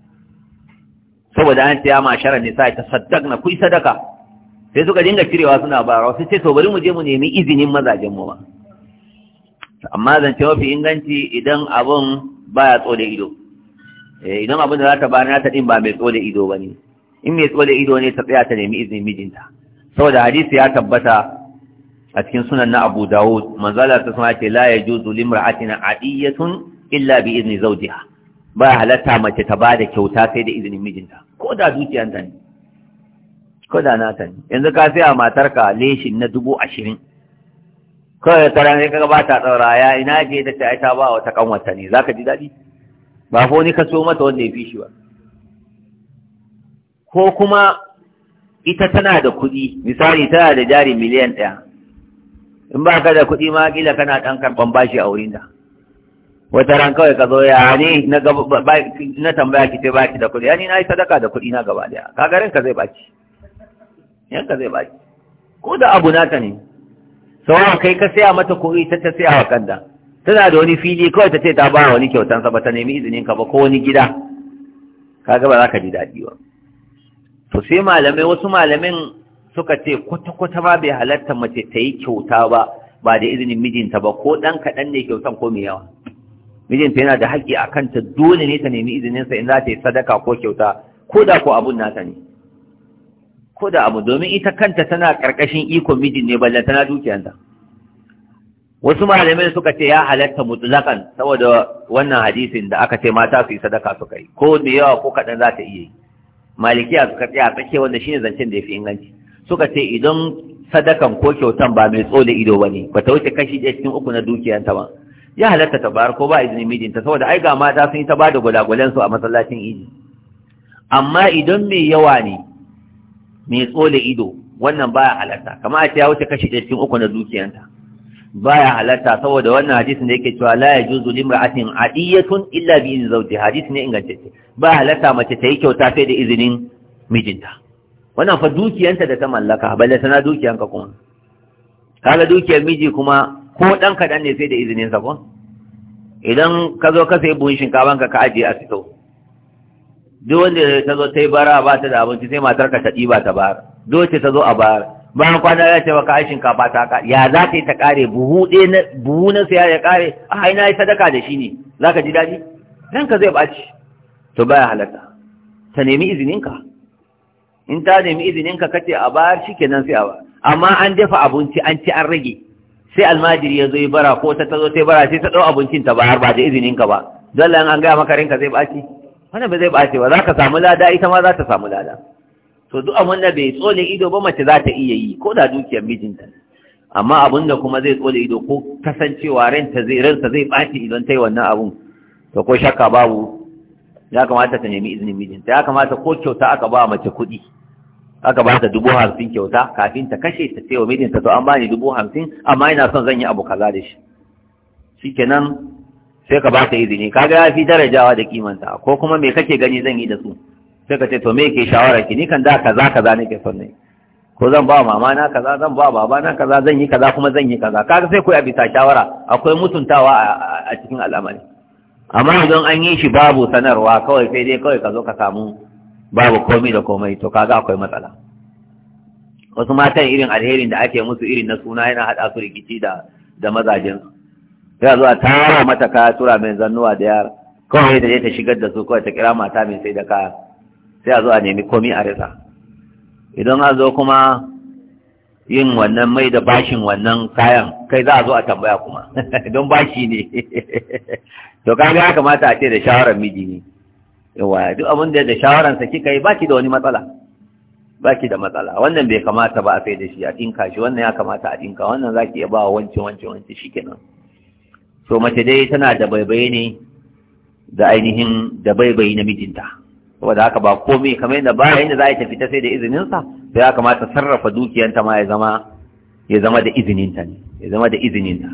saboda an ce ya mashara nisa ta saddakna kuyi sadaka sai suka dinga cirewa suna ba sai ce to bari mu je mu nemi izinin mazajen mu ba amma zance mafi inganci idan abun ba ya tsole ido eh, idan abun da za ta bayar ta din ba mai tsole ido ba ne in mai tsole ido ne ta tsaya ta nemi izinin mijinta saboda hadisi ya tabbata a cikin sunan na Abu Dawud manzala ta suna ce la yajuzu limra'atina adiyatun illa bi izni zawjiha ba halatta mace ta bada kyauta sai da izinin mijinta ko da dukiyanta ne ko da nata ne yanzu ka sai a matarka leshin na dubu ashirin kawai taron sai kaga ba ta tsaura ya ina je ta ai ta ba wata kanwata ne zaka ji dadi ba fa wani kaso mata wanda ya fi shi ba ko kuma ita tana da kuɗi misali tana da jari miliyan ɗaya in ba ka da kuɗi ma kila kana ɗan karɓan bashi a wurin da wata ran kawai ka zo ya ne na tambaya ki ce baki da kuɗi yani na yi sadaka da kuɗi na gaba ɗaya. Ka garin ka zai baki yan ka zai baki ko da abu naka ne sauran kai ka saya mata ko ita ta saya wa kanta tana da wani fili kawai ta ce ta ba wani kyautan sa ba ta nemi izinin ka ba ko wani gida kaga ba za ka ji daɗi ba to sai malamai wasu malamin suka ce kwata-kwata ma bai halatta mace ta yi kyauta ba ba da izinin mijinta ba ko ɗan kaɗan ne kyautan ko mai yawa mijinta yana da haƙƙi a kanta dole ne ta nemi izininsa in za ta yi sadaka ko kyauta ko da ko abun nata ne ko da abu domin ita kanta tana karkashin ikon mijin ne balle tana dukiyanta wasu malamai suka ce ya halatta mutlaqan saboda wannan hadisin da aka ce mata su yi sadaka suka yi ko da yawa ko kaɗan za ta iya yi malikiya suka tsaya tsakiya wanda shine zancen da ya fi inganci suka ce idan sadakan ko kyautan ba mai tsole ido ba ne ba ta wuce kashi ɗaya cikin uku na dukiyanta ba ya halatta ta bayar ko ba izinin mijinta saboda ai ga mata sun yi ta ba da gulagulan su a masallacin idi amma idan mai yawa ne mai tsole ido wannan baya halarta kamar a ce ya wuce kashi ɗaya cikin uku na dukiyanta baya halarta saboda wannan hadisin da yake cewa la yajuzu limra'atin adiyatun illa bi izni zawji hadisi ne ingantacce ba halarta mace ta yi kyauta sai da izinin mijinta wannan fa dukiyanta da ta mallaka balle tana dukiyanka kuma kaga dukiyar miji kuma ko dan kaɗan ne sai da izinin sa ko idan ka zo ka sayi buhun shinkafanka ka ajiye a sito duk wanda ta zo ta yi bara ba ta da abinci sai matar ka ta ɗiba ta bara doce ta zo a bara bayan kwana ya ce maka aishin shinkafa ta ka ya za ta yi ta kare buhu ɗaya na buhu na siya ya kare a haina ya yi sadaka da shi ne za ka ji daɗi ka zai ɓaci to baya halatta ta nemi izininka in ta nemi izininka kace a bayar shi kenan sai a ba amma an dafa abinci an ci an rage sai almajiri ya zo yi bara ko ta ta zo ta yi bara sai ta ɗau abincin ta bayar ba da izininka ba zallan an gaya maka zai ɓaci wannan ba zai ɓace ba za ka samu lada ita ma za ta samu lada to duk abin da bai tsole ido ba mace za ta iya yi ko da dukiyar mijinta amma abin da kuma zai tsole ido ko kasancewa ranta zai ransa zai ɓaci idan ta yi wannan abun to ko shakka babu ya kamata ta nemi izinin mijinta ya kamata ko kyauta aka ba mace kuɗi aka ba ta dubu hamsin kyauta kafin ta kashe ta ce wa mijinta to an bani dubu hamsin amma ina son zan yi abu kaza da shi shikenan sai ka ba ta izini kaga ya fi darajawa da kimanta ko kuma me kake gani zan yi da su sai ka ce to me yake shawara ki ni kan da kaza kaza nake son ne. ko zan ba mama na kaza zan ba baba na kaza zan yi kaza kuma zan yi kaza kaga sai koyi a bisa shawara akwai mutuntawa a cikin al'amari amma idan an yi shi babu sanarwa kawai sai dai kawai ka zo ka samu babu komai da komai to kaga akwai matsala wasu matan irin alherin da ake musu irin na suna yana haɗa su rikici da da mazajensu ya zuwa tara mata kaya tura mai zannuwa da yara kawai da ta shigar da su kawai ta kira mata mai sai da kaya sai a zuwa a nemi komi a risa idan a zo kuma yin wannan mai da bashin wannan kayan kai za a zo a tambaya kuma don bashi ne to kaga ya kamata a ce da shawarar miji ne yawa duk abin da da sa, kika yi baki da wani matsala baki da matsala wannan bai kamata ba a sai da shi a dinka shi wannan ya kamata a dinka wannan zaki iya ba wa wancin wancin shi shikenan To mace dai tana da baibaye ne da ainihin da baibai na mijinta saboda haka ba komai kamar yadda ba yayin da za a tafi ta sai da izinin sa sai ya kamata sarrafa dukiyanta ma ya zama ya zama da izininta ne ya zama da izinin ta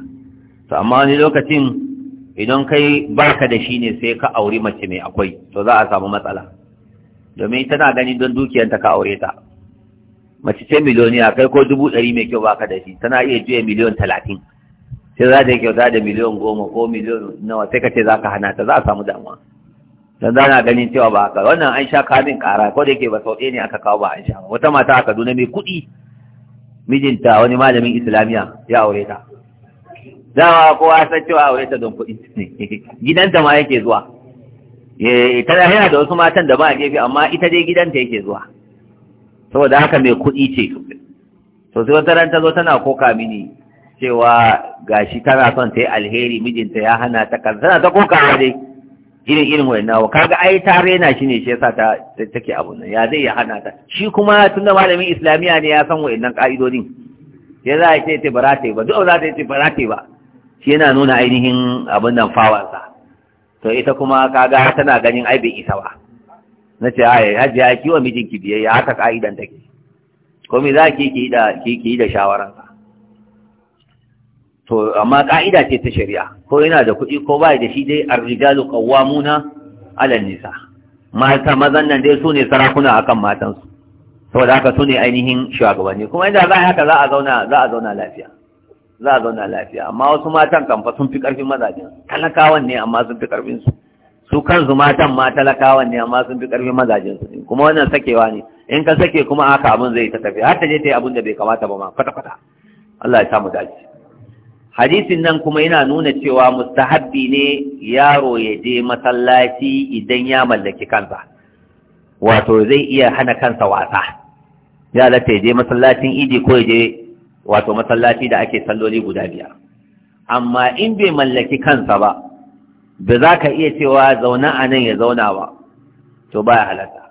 to amma wani lokacin idan kai baka da shi ne sai ka auri mace mai akwai to za a samu matsala domin tana gani don dukiyanta ka aure ta mace ce miliyoniya kai ko dubu ɗari mai kyau baka da shi tana iya juya miliyon talatin sai za ta yi kyauta da miliyan goma ko miliyan nawa sai ka ce za ka hana ta za a samu damuwa don zana ganin cewa ba haka wannan an sha kamin kara ko da yake ba sau ne aka kawo ba an sha wata mata a kaduna mai kuɗi mijinta wani malamin islamiyya ya aure ta dama kowa san cewa aure ta don kuɗi gidanta ma yake zuwa eh, tana yana da wasu matan da ba a gefe amma ita dai gidanta yake zuwa saboda haka mai kuɗi ce sosai wata ran ta zo tana koka mini cewa gashi tana son ta yi alheri mijinta ya hana ta sana ta kokawa dai irin irin wayannan wa kaga ai ta rena shi ne shi yasa ta take abu. nan ya zai ya hana ta shi kuma tun da malamin islamiya ne ya san wayannan ka'idodin sai za a ce ta bara ta ba duk za ta yi bara ta ba shi yana nuna ainihin abin nan fawansa to ita kuma kaga tana ganin ai bai isa ba na ce ai hajji ya kiwa mijinki biyayya haka ka'idan take ko me za ki yi da ki da shawaran to amma ka'ida ce ta shari'a ko yana da kuɗi ko bai da shi dai arrijalu qawwamuna 'ala nisa mata mazan nan dai su ne sarakuna akan matansu saboda haka su ne ainihin shugabanni kuma inda za a haka za a zauna za a zauna lafiya za a zauna lafiya amma wasu matan kan fa sun fi karfin mazajen talakawan ne amma sun fi karfin su su kansu matan ma talakawan ne amma sun fi karfin mazajen su kuma wannan sakewa ne in ka sake kuma haka abin zai ta tafi har ta je ta yi abin da bai kamata ba ma kwata kwata Allah ya samu dace hadisin nan kuma yana nuna cewa mustahabbi ne yaro ya je masallaci idan ya mallaki kansa wato zai iya hana kansa wasa ya halatta ya je masallacin idi ko ya je wato masallaci da ake salloli guda biyar amma in bai mallaki kansa ba da za ka iya cewa zauna a nan ya zauna ba to ba ya halatta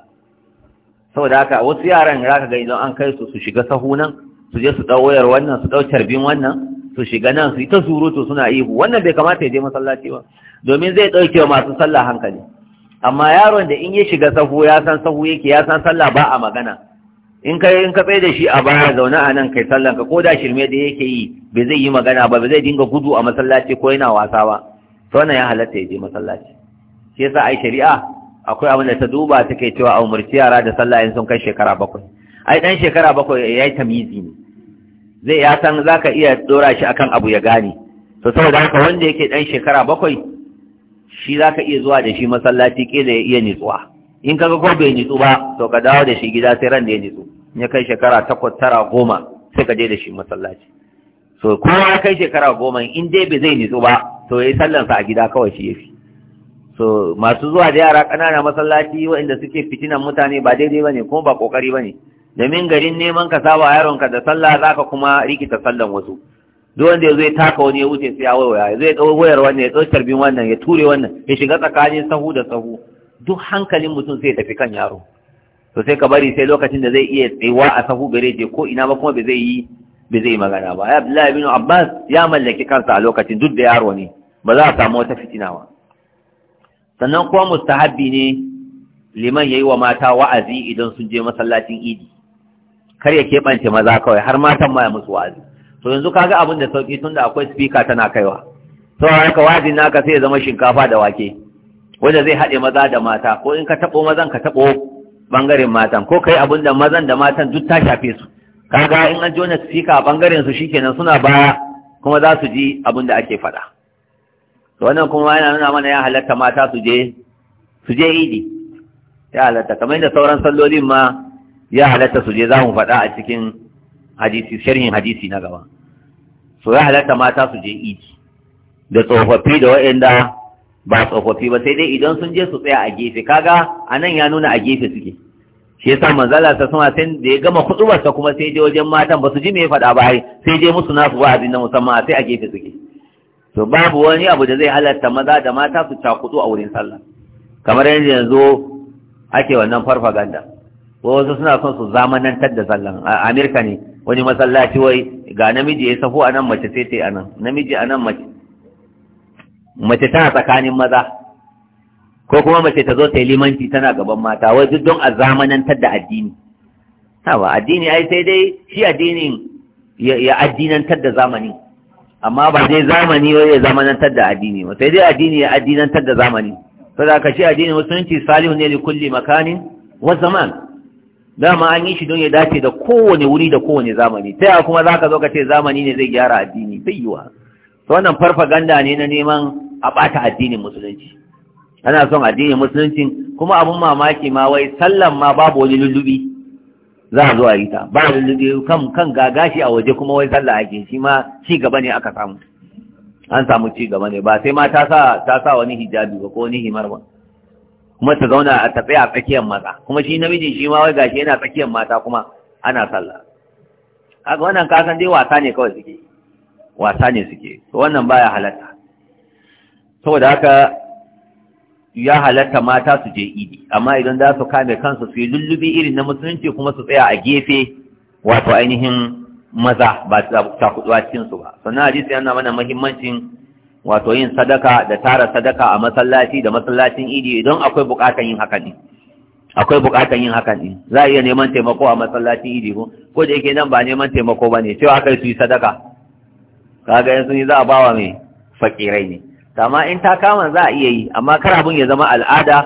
sau haka wasu yaran za ka ga idan an kai su su shiga sahunan su je su ɗau wayar wannan su ɗau carbin wannan su shiga nan su yi ta surutu suna ihu wannan bai kamata ya je masallaci ba domin zai ɗauke wa masu sallah hankali amma yaron da in ya shiga sahu ya san sahu yake ya san sallah ba a magana in ka in ka da shi a baya zaune a nan kai sallan ka ko da shirme da yake yi bai zai yi magana ba bai zai dinga gudu a masallaci ko yana wasa ba to wannan ya halatta ya je masallaci shi yasa ai shari'a akwai abin da ta duba take cewa a umarci yara da sallah in sun kai shekara bakwai ai dan shekara bakwai yayi tamizi ne zai ya san za ka iya dora shi akan abu ya gane to saboda haka wanda yake ɗan shekara bakwai shi za ka iya zuwa da shi masallaci ƙila ya iya nitsuwa in ga ko bai nitsu ba to ka dawo da shi gida sai ran da ya nitsu ya kai shekara takwas tara goma sai ka je da shi masallaci to kowa kai shekara goma in dai bai zai nitsu ba to ya yi sallansa a gida kawai shi ya fi so masu zuwa da yara ƙanana masallaci waɗanda suke fitinan mutane ba daidai ba ne kuma ba ƙoƙari ba ne domin garin neman ka saba yaronka da sallah za ka kuma rikita sallan wasu duk wanda ya zo ya taka wani ya wuce sai ya waya ya ɗau wayar wannan ya ɗau carbin wannan ya ture wannan ya shiga tsakanin sahu da sahu duk hankalin mutum sai ya tafi kan yaro to sai ka bari sai lokacin da zai iya tsayuwa a sahu gare je ko ina ba kuma bai zai yi bai zai magana ba ya Abdullahi ibn Abbas ya mallaki kansa a lokacin duk da yaro ne ba za a samu wata fitina ba sannan kuma mustahabbi ne liman yayi wa mata wa'azi idan sun je masallacin idi kar ya keɓance maza kawai har matan ma ya musu wa'azi to yanzu kaga abin da sauki da akwai spika tana kaiwa to haka wa'azin naka sai ya zama shinkafa da wake wanda zai haɗe maza da mata ko in ka taɓo mazan ka taɓo ɓangaren matan ko kai abin da mazan da matan duk ta shafe su kaga in an jona spika a ɓangaren su shikenan suna baya kuma za su ji abin da ake faɗa To wannan kuma yana nuna mana ya halatta mata su je su je idi ya halatta kamar yadda sauran sallolin ma ya halatta su je za mu faɗa a cikin hadisi sharhin hadisi na gaba so ya halatta mata su je idi da tsofaffi da waɗanda ba tsofaffi ba sai dai idan sun je su tsaya a gefe kaga anan ya nuna a gefe suke shi yasa manzala ta suna sai da ya gama kutubar kuma sai je wajen matan ba su ji me ya faɗa ba sai je musu nasu wa'azi na musamman sai a gefe suke to babu wani abu da zai halatta maza da mata su cakudu a wurin sallah kamar yadda yanzu ake wannan farfaganda wasu suna son su zamanantar da sallan a amerika ne wani masallaci wai ga namiji ya safo a nan mace sai ta a nan namiji a nan mace mace tana tsakanin maza ko kuma mace ta zo ta yi limanci tana gaban mata wai duk don a zamanantar da addini ba addini ai sai dai shi addinin ya addinantar da zamani amma ba dai zamani wai ya zamanantar da addini ba sai dai addini ya addinantar da zamani saboda ka shi addini musulunci salihu ne li kulli makanin wa zaman dama an yi shi don ya dace da kowane wuri da kowane zamani ta kuma za ka zo ka ce zamani ne zai gyara addini bai yiwa to wannan farfaganda ne na neman a ɓata addinin musulunci ana son addinin musulunci kuma abin mamaki ma wai sallan ma babu wani lullubi za a zo a yi ta ba lullubi kan kan gagashi a waje kuma wai sallah ake shi ma ci gaba ne aka samu an samu ci gaba ne ba sai ma ta sa ta sa wani hijabi ba ko wani himar ba kuma ta zauna a ta a tsakiyar maza kuma shi namiji shi ma wai gashi yana tsakiyar mata kuma ana sallah kaga wannan ka san dai wasa ne kawai suke wasa ne suke to wannan baya halatta saboda haka ya halatta mata su je idi amma idan za su kame kansu su yi lullubi irin na musulunci kuma su tsaya a gefe wato ainihin maza ba ta kuɗuwa cikin su ba sannan hadisi yana mana muhimmancin wato yin sadaka da tara sadaka a masallaci da masallacin idi idan akwai bukatan yin haka ne akwai bukatan yin haka ne za a iya neman taimako a masallacin idi ko ko da yake nan ba neman taimako ba ne cewa kai su yi sadaka kaga yanzu ne za a bawa mai fakirai ne amma in ta kama za a iya yi amma kar abin ya zama al'ada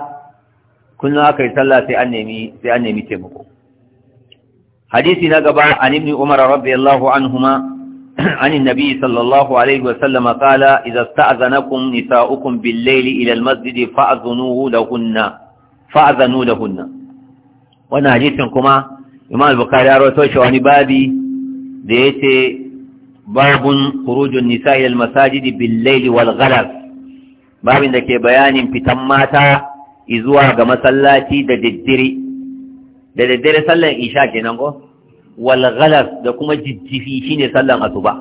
kullum aka yi sallah sai an nemi sai an nemi taimako hadisi na gaba an ibn umar radiyallahu anhuma عن النبي صلى الله عليه وسلم قال إذا استأذنكم نساؤكم بالليل إلى المسجد فأذنوه لهن فأذنوا لهن وانا حديث كما إمام البخاري رواه شواني بابي ديتي باب خروج النساء إلى المساجد بالليل والغلب باب ذاك بيان فتماتا إذوا ga masallaci da daddare da daddare sallan isha kenan ko walghalas da kuma jijjifi shine sallan asuba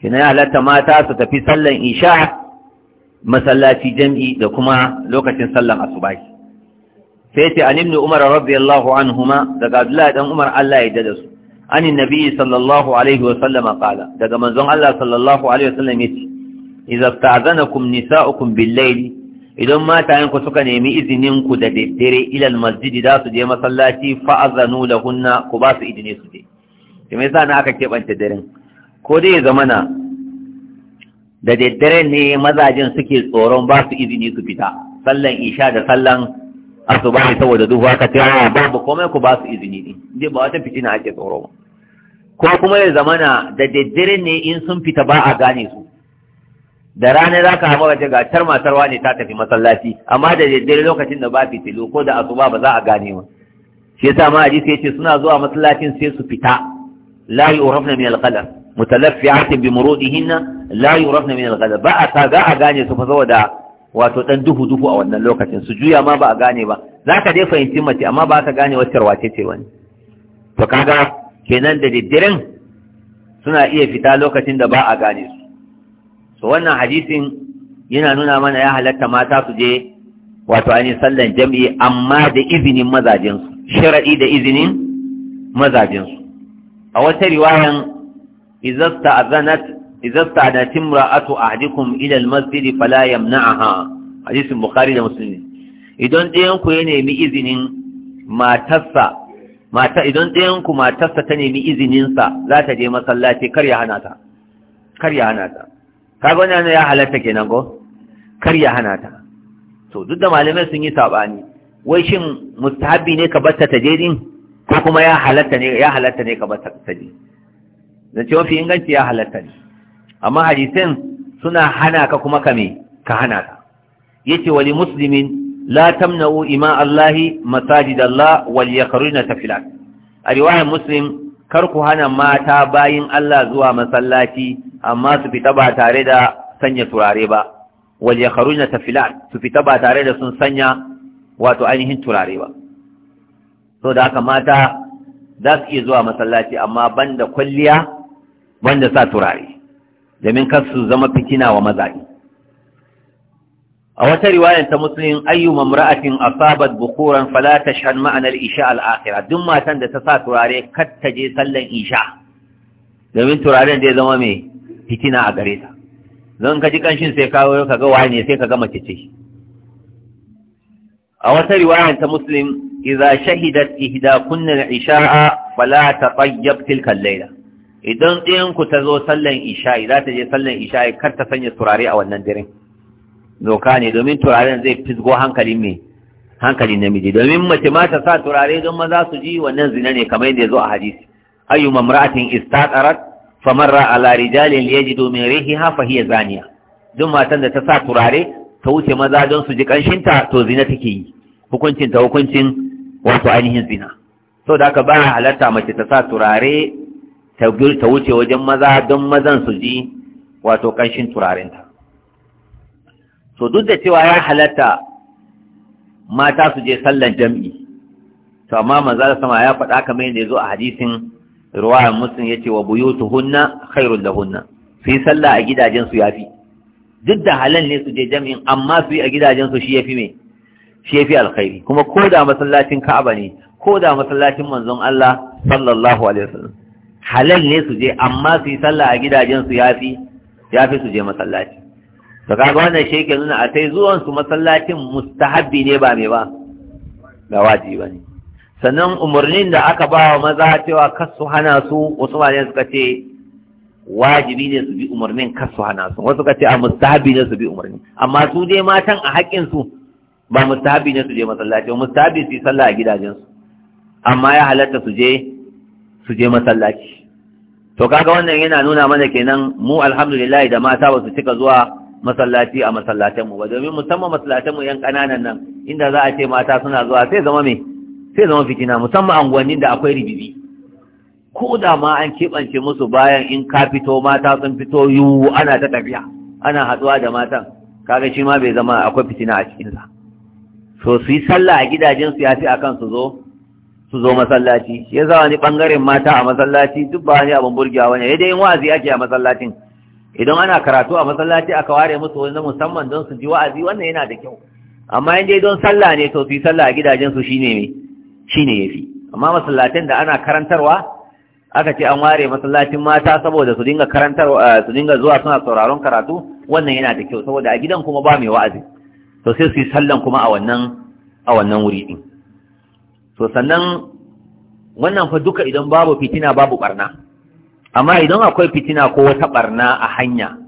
kina ya halatta mata su tafi sallan isha masallaci jam'i da kuma lokacin sallan asuba sai ce an ibn umar radiyallahu anhuma daga abdullahi dan umar Allah ya dada su an annabi sallallahu alaihi wa sallam qala daga manzon Allah sallallahu alaihi wa sallam yace idza ta'zanakum nisa'ukum bil-layli idan matayenku suka nemi izinin ku da daddare ilal masjidi za su je masallaci fa'azanu lahunna ku ba su izini su je kuma yasa na aka keɓance daren ko dai zamana da daddare ne mazajen suke tsoron ba su izini su fita sallan isha da sallan asuba ne saboda duhu haka ta babu komai ku ba su izini ne dai ba wata fitina ake tsoro ko kuma ya zamana da daddare ne in sun fita ba a gane su da rana za ka hama wace gatar ne ta tafi masallaci amma da daidai lokacin da ba fitilu ko da asuba ba za a gane ma shi yasa ma hadisi yace suna zuwa masallacin sai su fita la yu'rafna min al-qadar mutalaffi'atin bi murudihinna la yu'rafna min al-qadar ba a ta ga a gane su fa saboda wato dan duhu duhu a wannan lokacin su juya ma ba a gane ba Za ka dai fahimci mace amma ba ka gane wacce wace ce wani to kaga kenan da daddaren suna iya fita lokacin da ba a gane su to wannan hadisin yana nuna mana ya halatta mata su je wato ainihin sallan jam'i amma da izinin mazajensu sharaɗi da izinin mazajensu a wata riwayan izasta azanat timura adatin a hadikun ilal almasjid fala yamna'aha hadisin bukhari da musulmi. idan ɗayan ya nemi izinin matarsa mata idan ɗayan matarsa ta nemi izininsa za ta je masallaci kar ya hana ta kar ya hana ta kaga wannan ya halatta kenan ko kar ya hana ta to duk da malamai sun yi sabani wai shin mustahabi ne ka batta ta je din ko kuma ya halatta ne ya halatta ne ka batta ta je dan cewa fi inganci ya halatta ne amma hadisin suna hana ka kuma ka me ka hana ka yace wali muslimin la tamna'u ima Allah masajid Allah wal yakruna tafilat a riwayar muslim kar ku hana mata bayin Allah zuwa masallaci amma su fita ba tare da sanya turare ba waje kharujna tafilat su fita ba tare da sun sanya wato ainihin turare ba so da haka mata za su iya zuwa masallaci amma banda kwalliya banda sa turare domin kar su zama fitina wa mazaje a wata riwayar ta muslim ayyu mamra'atin asabat bukuran fala tashhad ma'ana isha al duk matan da ta sa turare kar ta je sallan isha domin turaren da ya zama mai fitina a gare ta don ka ji kanshin sai kawo ka ga wani sai ka ga mace ce a wata riwayar ta muslim idza shahidat ihda kunna ishaa fala tatayyab tilka layla idan ɗayan ku ta zo sallan isha'i za ta je sallan isha'i kar ta sanya turare a wannan daren doka ne domin turaren zai fisgo hankalin mai hankalin namiji domin mace ma ta sa turare don maza su ji wannan zina ne kamar yadda ya zo a hadisi ayu mamra'atin fa famarra ala rijalin yajidu min rihiha fa hiya zaniya duk matan da ta sa turare ta wuce maza don su ji ta to zina take yi hukuncin ta hukuncin wato ainihin zina so da aka ba halatta mace ta sa turare ta wuce wajen maza don mazan su ji wato kanshin turarenta to duk da cewa ya halatta mata su je sallan jam'i to amma Allah sama ya faɗa kamar yadda ya zo a hadisin ruwayar muslim ya ce wa buyutuhunna khairul lahunna su yi sallah a gidajen ya fi duk da halal ne su je jam'in amma su yi a su shi yafi me shi ya fi alkhairi kuma ko da masallacin ka'aba ne ko da masallacin manzon Allah sallallahu alaihi wasallam halal ne su je amma su yi sallah a gidajen su yafi ya fi su je masallaci da kaga wannan shi ke nuna a sai zuwan su masallacin mustahabbi ne ba mai ba ba wajibi bane sannan umarnin da aka ba wa maza cewa kasu hana su wasu malamai suka ce wajibi ne su bi umarnin kasu hana su wasu suka ce a mustahabbi ne su bi umarnin amma su dai matan a haƙƙin su ba mustahabbi ne su je masallaci mustahabbi su yi sallah a gidajen su. amma ya halatta su je su je masallaci to kaga wannan yana nuna mana kenan mu alhamdulillah da mata ba su cika zuwa masallaci a masallatanmu ba domin musamman masallatanmu yan kananan nan inda za a ce mata suna zuwa sai zama me sai zama fitina musamman anguwannin da akwai ribibi ko da ma an keɓance musu bayan in ka fito mata sun fito yiwu ana ta tafiya ana haɗuwa da matan kaga shi ma bai zama akwai fitina a cikinsa so su yi sallah a su, ya fi akan su zo su zo masallaci ya wani bangaren mata a masallaci duk ba wani abin burgewa wani ya dai yin wa'azi ake a masallacin idan ana karatu a masallaci aka ware musu wani na musamman don su ji wa'azi wannan yana da kyau amma in dai don sallah ne to su yi sallah a gidajen su shine ne shine yafi amma masallacin da ana karantarwa aka ce an ware masallacin mata saboda su dinga karantarwa eh, su dinga zuwa suna sauraron karatu wannan yana da kyau saboda a gidan kuma ba mai wa'azi to sai su yi sallan kuma a wannan a wannan wuri din to sannan wannan fa duka idan babu fitina babu barna amma idan akwai fitina ko wata barna a hanya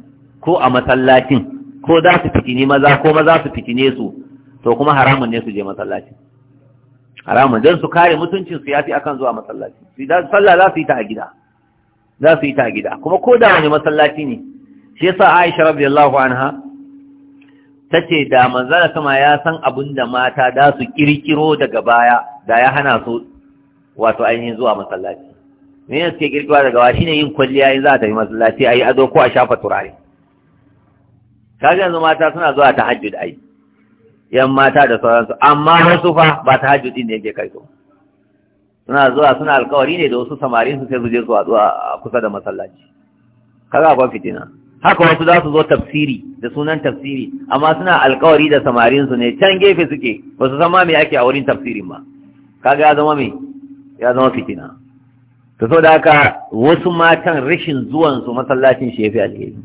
ko a masallacin ko za su fitini maza ko maza su fitine su to kuma haramun ne su je masallacin haramun don su kare mutuncin su yafi akan zuwa masallaci su da sallah za su yi ta a gida za su yi ta a gida kuma ko da wani masallaci ne shi yasa Aisha radiyallahu anha tace da manzala sama ya san abin da mata da su kirkiro daga baya da ya hana su wato ainihin zuwa masallaci me yana suke kirkiwa wa shi shine yin kwalliya in za a tafi masallaci a yi ado ko a shafa turare kaga yanzu mata suna zuwa ta tahajjud ai yan mata da sauransu amma wasu fa ba tahajjud din ne yake kai su suna zuwa suna alkawari ne da wasu samarin su sai su je su a kusa da masallaci kaga akwai fitina haka wasu za su zo tafsiri da sunan tafsiri amma suna alkawari da samarin su ne can gefe suke ba su san ma me ake a wurin tafsirin ba kaga ya zama me ya zama fitina ta so da haka wasu matan rashin zuwansu masallacin shi ya fi alheri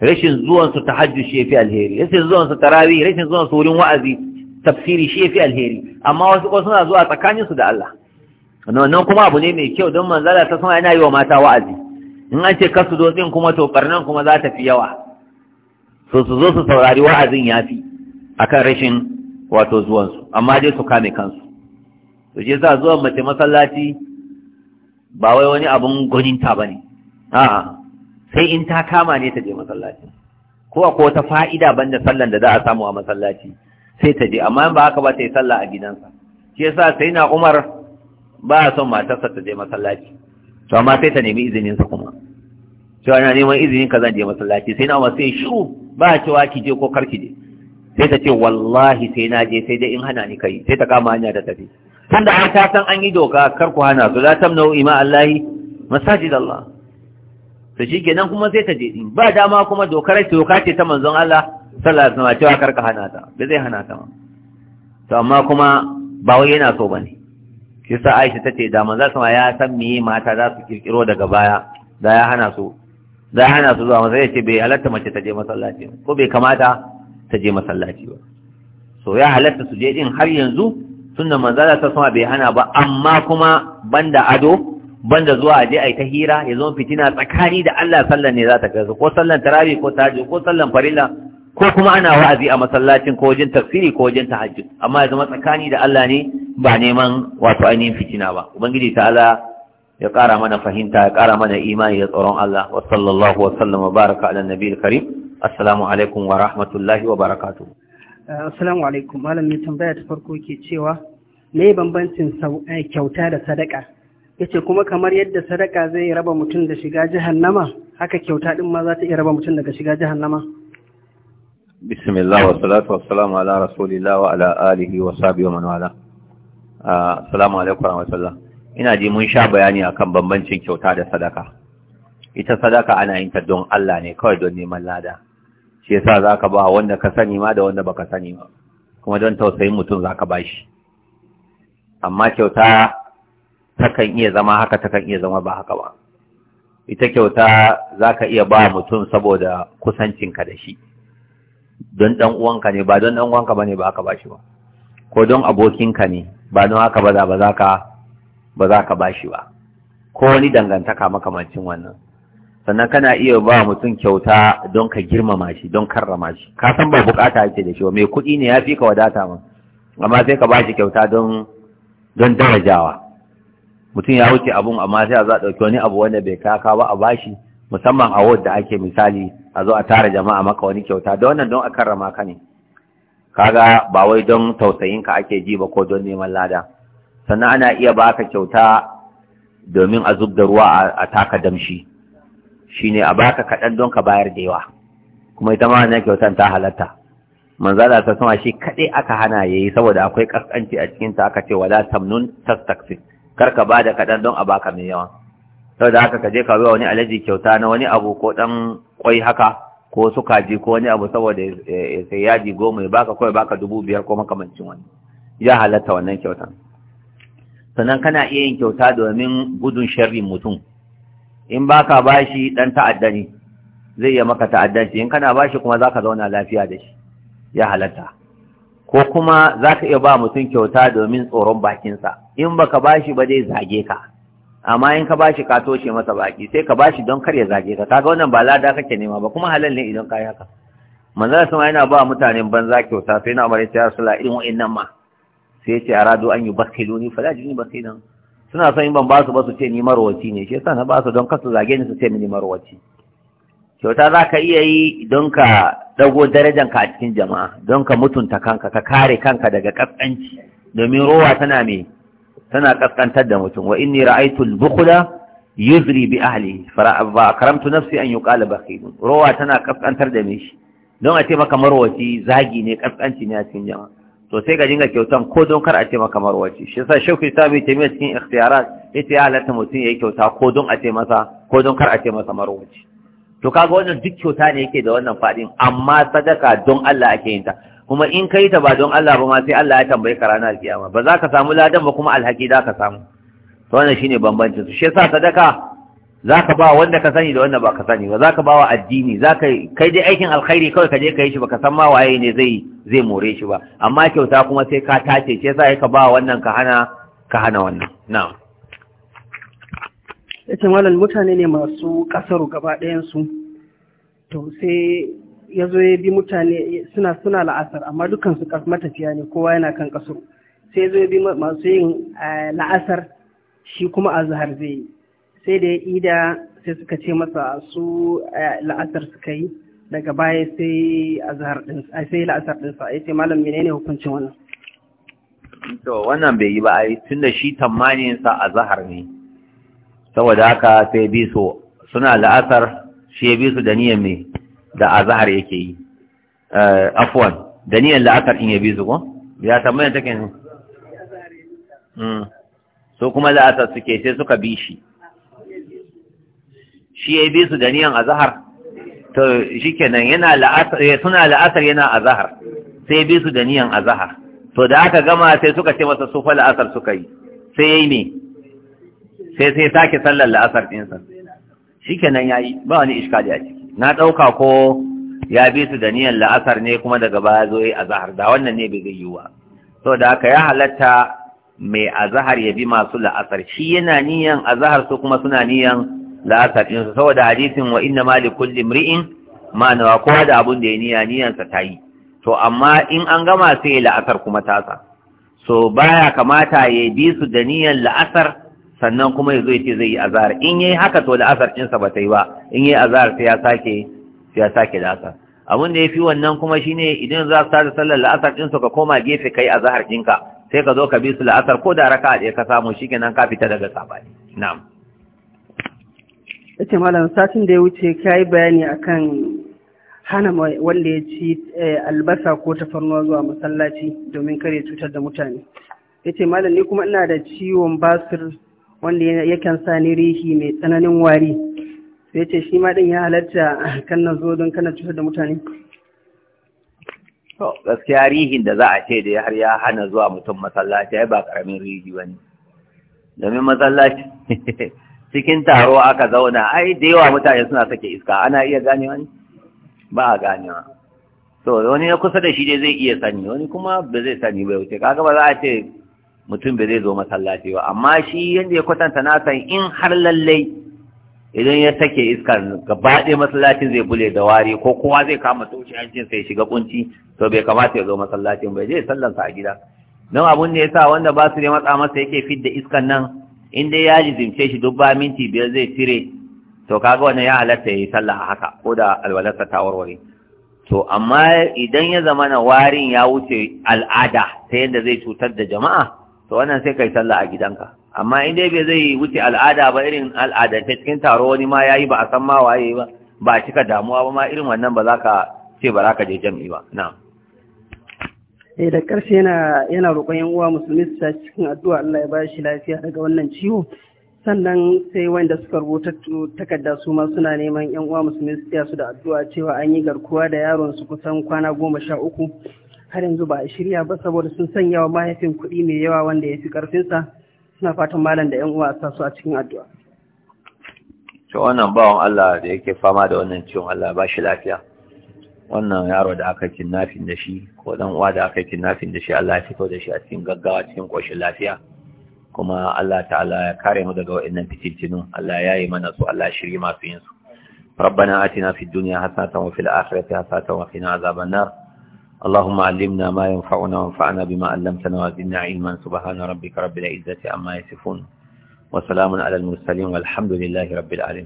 rashin zuwansu ta hajji shi ya fi alheri rashin zuwansu ta tarawih rashin zuwansu wurin wa'azi tafsiri shi ya fi alheri amma wasu kuma suna zuwa tsakanin su da Allah wannan kuma abu ne mai kyau don Allah ta sama yana yi wa mata wa'azi in an ce kasu zo din kuma to barnan kuma za ta fi yawa so su zo su saurari wa'azin ya fi akan rashin wato zuwansu amma dai su kame kansu to je yasa zuwan mace masallaci ba wai wani abun gwaninta ba ne a'a sai in ta kama ne ta je masallaci ko ta fa'ida banda sallan da za a samu a masallaci sai ta je amma ba haka ba ta yi sallah a gidansa shi yasa sai na umar ba a son matarsa ta je masallaci to amma sai ta nemi izininsa kuma cewa ina neman izinin ka zan je masallaci sai na umar sai shiru ba cewa ki je ko kar ki je sai ta ce wallahi sai na je sai dai in hana ni kai sai ta kama hanya da tafi tunda an ta san an yi doka kar ku hana su la tamnau ima allahi masajid allah to kenan kuma sai ta je din ba dama kuma dokar ta doka ce ta manzon Allah sallallahu alaihi wasallam cewa kar ka hana ta ba zai hana ta to amma kuma ba wai yana so bane kisa Aisha tace da manzon sama ya san me mata za su kirkiro daga baya da ya hana su da ya hana su zuwa masallaci yace bai halatta mace ta je masallaci ko bai kamata ta je masallaci ba so ya halatta su je din har yanzu sunna manzala ta sama bai hana ba amma kuma banda ado banda zuwa aje ai ta hira ya zama fitina tsakani da Allah sallan ne za ta kai ko sallan tarawih ko tahajjud ko sallan farilla ko kuma ana wa'azi a masallacin ko wajen tafsiri ko wajen tahajjud amma ya zama tsakani da Allah ne ba neman wato ainihin fitina ba ubangiji ta'ala ya ƙara mana fahimta ya ƙara mana imani da tsoron Allah wa sallallahu wa sallama baraka ala nabiyil karim assalamu alaikum wa rahmatullahi wa barakatuh Assalamu alaikum malam mai tambaya ta farko ke cewa me bambancin eh, kyauta da sadaka yace kuma kamar yadda sadaka zai raba mutum da shiga jahannama haka kyauta din ma za ta iya raba mutum daga shiga jahannama bismillah wa salatu wa salamu ala rasulillah wa ala alihi wa sahbihi wa man wala ah, assalamu alaikum wa rahmatullah ina ji mun sha bayani akan bambancin kyauta da sadaka ita sadaka ana yin ta don Allah ne kawai don neman lada shi yasa ka ba wanda ka sani ma da wanda baka sani ba kuma don tausayin mutum za ba shi amma kyauta takan iya zama haka takan iya zama ba haka ba ita kyauta za ka iya ba mutum saboda kusancinka da shi don dan uwanka ne ba don dan uwanka bane ba haka ba shi ba ko don abokinka ne ba don haka ba za ka ba za ka ba shi ba ko wani dangantaka makamancin wannan sannan kana iya ba mutum kyauta don ka girmama shi don karrama shi ka san ba bukata yake da shi mai kuɗi ne ya fi ka wadata ma amma sai ka ba shi kyauta don darajawa mutum ya wuce abun amma sai a za a ɗauki wani abu wanda bai kaka ba a bashi musamman a wadda ake misali a zo a tara jama'a maka wani kyauta da wannan don a karrama ka ne kaga ba wai don tausayin ka ake ji ba ko don neman lada sannan ana iya baka kyauta domin a zub da ruwa a taka damshi Shi ne a baka kaɗan don ka bayar da yawa kuma ita ma kyauta ta halatta Manza da ta sama shi kaɗai aka hana ya yi saboda akwai ƙasƙanci a cikin ta aka ce wala tamnun kar ka ba da kaɗan don a baka mai yawa saboda haka ka je ka biya wani alaji kyauta na wani abu ko dan kwai haka ko su kaji ko wani abu saboda sai yaji goma ya baka kawai baka dubu biyar ko makamancin wani ya halatta wannan kyautan sannan kana iya yin kyauta domin gudun sharrin mutum in baka bashi dan ta'adda ne zai iya maka ta'addanci in kana bashi kuma zaka zauna lafiya da shi ya halatta ko kuma zaka iya ba mutum kyauta domin tsoron bakinsa in baka bashi ba zai zage ka amma in ka bashi ka toshe masa baki sai ka bashi don kar ya zage ka kaga wannan ba lada kake nema ba kuma halal ne idan ka yi haka manzon sama yana ba mutanen banza kyauta sai na amare ta rasula irin wa'annan ma sai ya ce aradu an yi bakiluni fala jini bakilan suna son in ban ba su ba su ce ni marwaci ne shi yasa na ba su don kasu zage ni su ce ni marwaci kyauta za ka iya yi don ka dago darajanka a cikin jama'a don ka mutunta kanka ka kare kanka daga kaskanci domin rowa tana me tana kaskantar da mutum wa inni ra'aytu al-bukhla yuzri bi ahli fa karamtu nafsi an yuqala bakhil rowa tana kaskantar da me don a ce maka marwaci zagi ne kaskanci ne a cikin jama'a to sai ka dinga kyautan ko don kar a ce maka marwaci shi yasa shauki ta taimiyya cikin ikhtiyarat ita ya halatta mutum yayi kyauta ko don a ce masa ko don kar a ce masa marwaci to kaga wannan duk kyauta ne yake da wannan fadin amma sadaka don Allah ake yin ta kuma in kai ta ba don Allah ba ma sai Allah ya tambaye ka ranar kiyama ba za ka samu ladan ba kuma alhaki za ka samu to wannan shine bambancin su shi yasa sadaka za ka ba wanda ka sani da wanda ba ka sani ba za ka ba wa addini za ka kai dai aikin alkhairi kawai ka je ka yi shi ba ka san ma waye ne zai zai more shi ba amma kyauta kuma sai ka tace ce sai ka ba wannan ka hana ka hana wannan na'am yace malam mutane ne masu kasaru gaba ɗayan su to sai ya ya bi mutane suna suna la'asar amma dukkan su matafiya ne kowa yana kan kasuru sai ya ya bi masu yin eh, la'asar shi kuma azhar zai yi sai da ya ida sai suka ce masa su eh, la'asar suka yi daga baya sai azhar din sai la'asar din ya ce malam menene hukuncin wannan to wannan bai yi ba ai tunda shi tamanin sa azhar ne saboda haka sai bi su, suna la'asar shi ya bi su da niyan me da azhar yake yi eh, afwan da niyan la'asar in ya bi su ko ya tambaya take ne hmm. so kuma la'asar suke sai suka bi shi shi ya bi su da niyan zahar to shikenan yana la'asar eh, suna la'asar yana zahar sai bi su da niyan zahar to da aka gama sai suka ce masa sufa la'asar suka yi sai yayi ne sai sai sake sallar la'asar din sa ya yayi ba wani iskali a ciki na dauka ko ya bi su da niyan la'asar ne kuma daga baya zo a zahar da wannan ne bai zai yi wa to da aka ya halatta mai azhar ya bi masu la'asar shi yana niyan azhar su kuma suna niyan la'asar su saboda hadisin wa inna ma li kulli mri'in ma nawa kowa da abun da ya niya niyan ta yi to amma in an gama sai la'asar kuma tasa so baya kamata ya bi su da niyan la'asar sannan kuma ya zo zai yi azhar in yayi haka to la'asar sa ba tai yi ba in yayi azar sai ya sake sai ya sake la'asar abun da ya wannan kuma shine idan za su tada sallar la'asar ɗinsu ka koma gefe kai azhar ka sai ka zo ka bi su la'asar ko da raka'a ɗaya ka samu shikenan ka fita daga sabani na'am ce malam satin da ya wuce kai bayani akan hana wanda ya ci eh, albasa ko tafarnuwa zuwa masallaci domin kare cutar da mutane yace malam ni kuma ina da ciwon basir wanda yakan sa ni rihi mai tsananin wari sai ce shi ma din ya halatta kan na zo don kana cutar da mutane to gaskiya rihin da za a ce da har ya hana zuwa mutum masallaci ai ba karamin rihi bane domin masallaci cikin taro aka zauna ai da yawa mutane suna sake iska ana iya ganewa ne ba a ganewa so wani na kusa da shi dai zai iya sani wani kuma ba zai sani ba wuce kaga ba za a ce mutum ba zai zo masallaci ba amma shi yanda ya kwatanta na san in har lallai idan ya sake iska, gaba ɗaya masallacin zai bule da wari ko kowa zai kama toshi hancin sai shiga kunci to bai kamata ya zo masallacin bai zai sallansa a gida don abun da ya sa wanda ba su ne matsa masa yake fidda iskan nan in dai ya jizimce shi duk ba minti biyar zai cire to kaga wannan ya halatta yayi sallah a haka ko da alwalarsa ta warware to amma idan ya zama na warin ya wuce al'ada ta yadda zai cutar da jama'a to wannan sai kai sallah a gidanka amma in dai bai zai wuce al'ada ba irin al'ada ta cikin taro wani ma yayi ba a san ma waye ba ba a cika damuwa ba ma irin wannan ba za ka ce ba za ka je jami'i ba na'am eh da ƙarshe yana yana roƙon yan uwa musulmi su cikin addu'a Allah ya ba shi lafiya daga wannan ciwo sannan sai wanda suka rubuta takarda su ma suna neman yan uwa musulmi su su da addu'a cewa an yi garkuwa da yaron su kusan kwana goma sha uku har yanzu ba a shirya ba saboda sun sanya wa mahaifin kuɗi mai yawa wanda ya fi sa suna fatan malam da yan uwa a su a cikin addu'a. To wannan bawan Allah da yake fama da wannan ciwon Allah ba shi lafiya. wannan yaro da aka kinnafin da shi ko dan uwa da aka kinnafin da shi Allah ya fito da shi a cikin gaggawa cikin koshin lafiya kuma Allah ta'ala ya kare mu daga wa'annan fitintinu Allah ya yi mana su Allah shiri masu yin su ربنا آتنا في الدنيا حسنة وفي الآخرة حسنة وقنا عذاب النار اللهم علمنا ما ينفعنا وانفعنا بما علمتنا وزدنا علما سبحان ربك رب العزة عما يصفون وسلام على المرسلين والحمد لله رب العالمين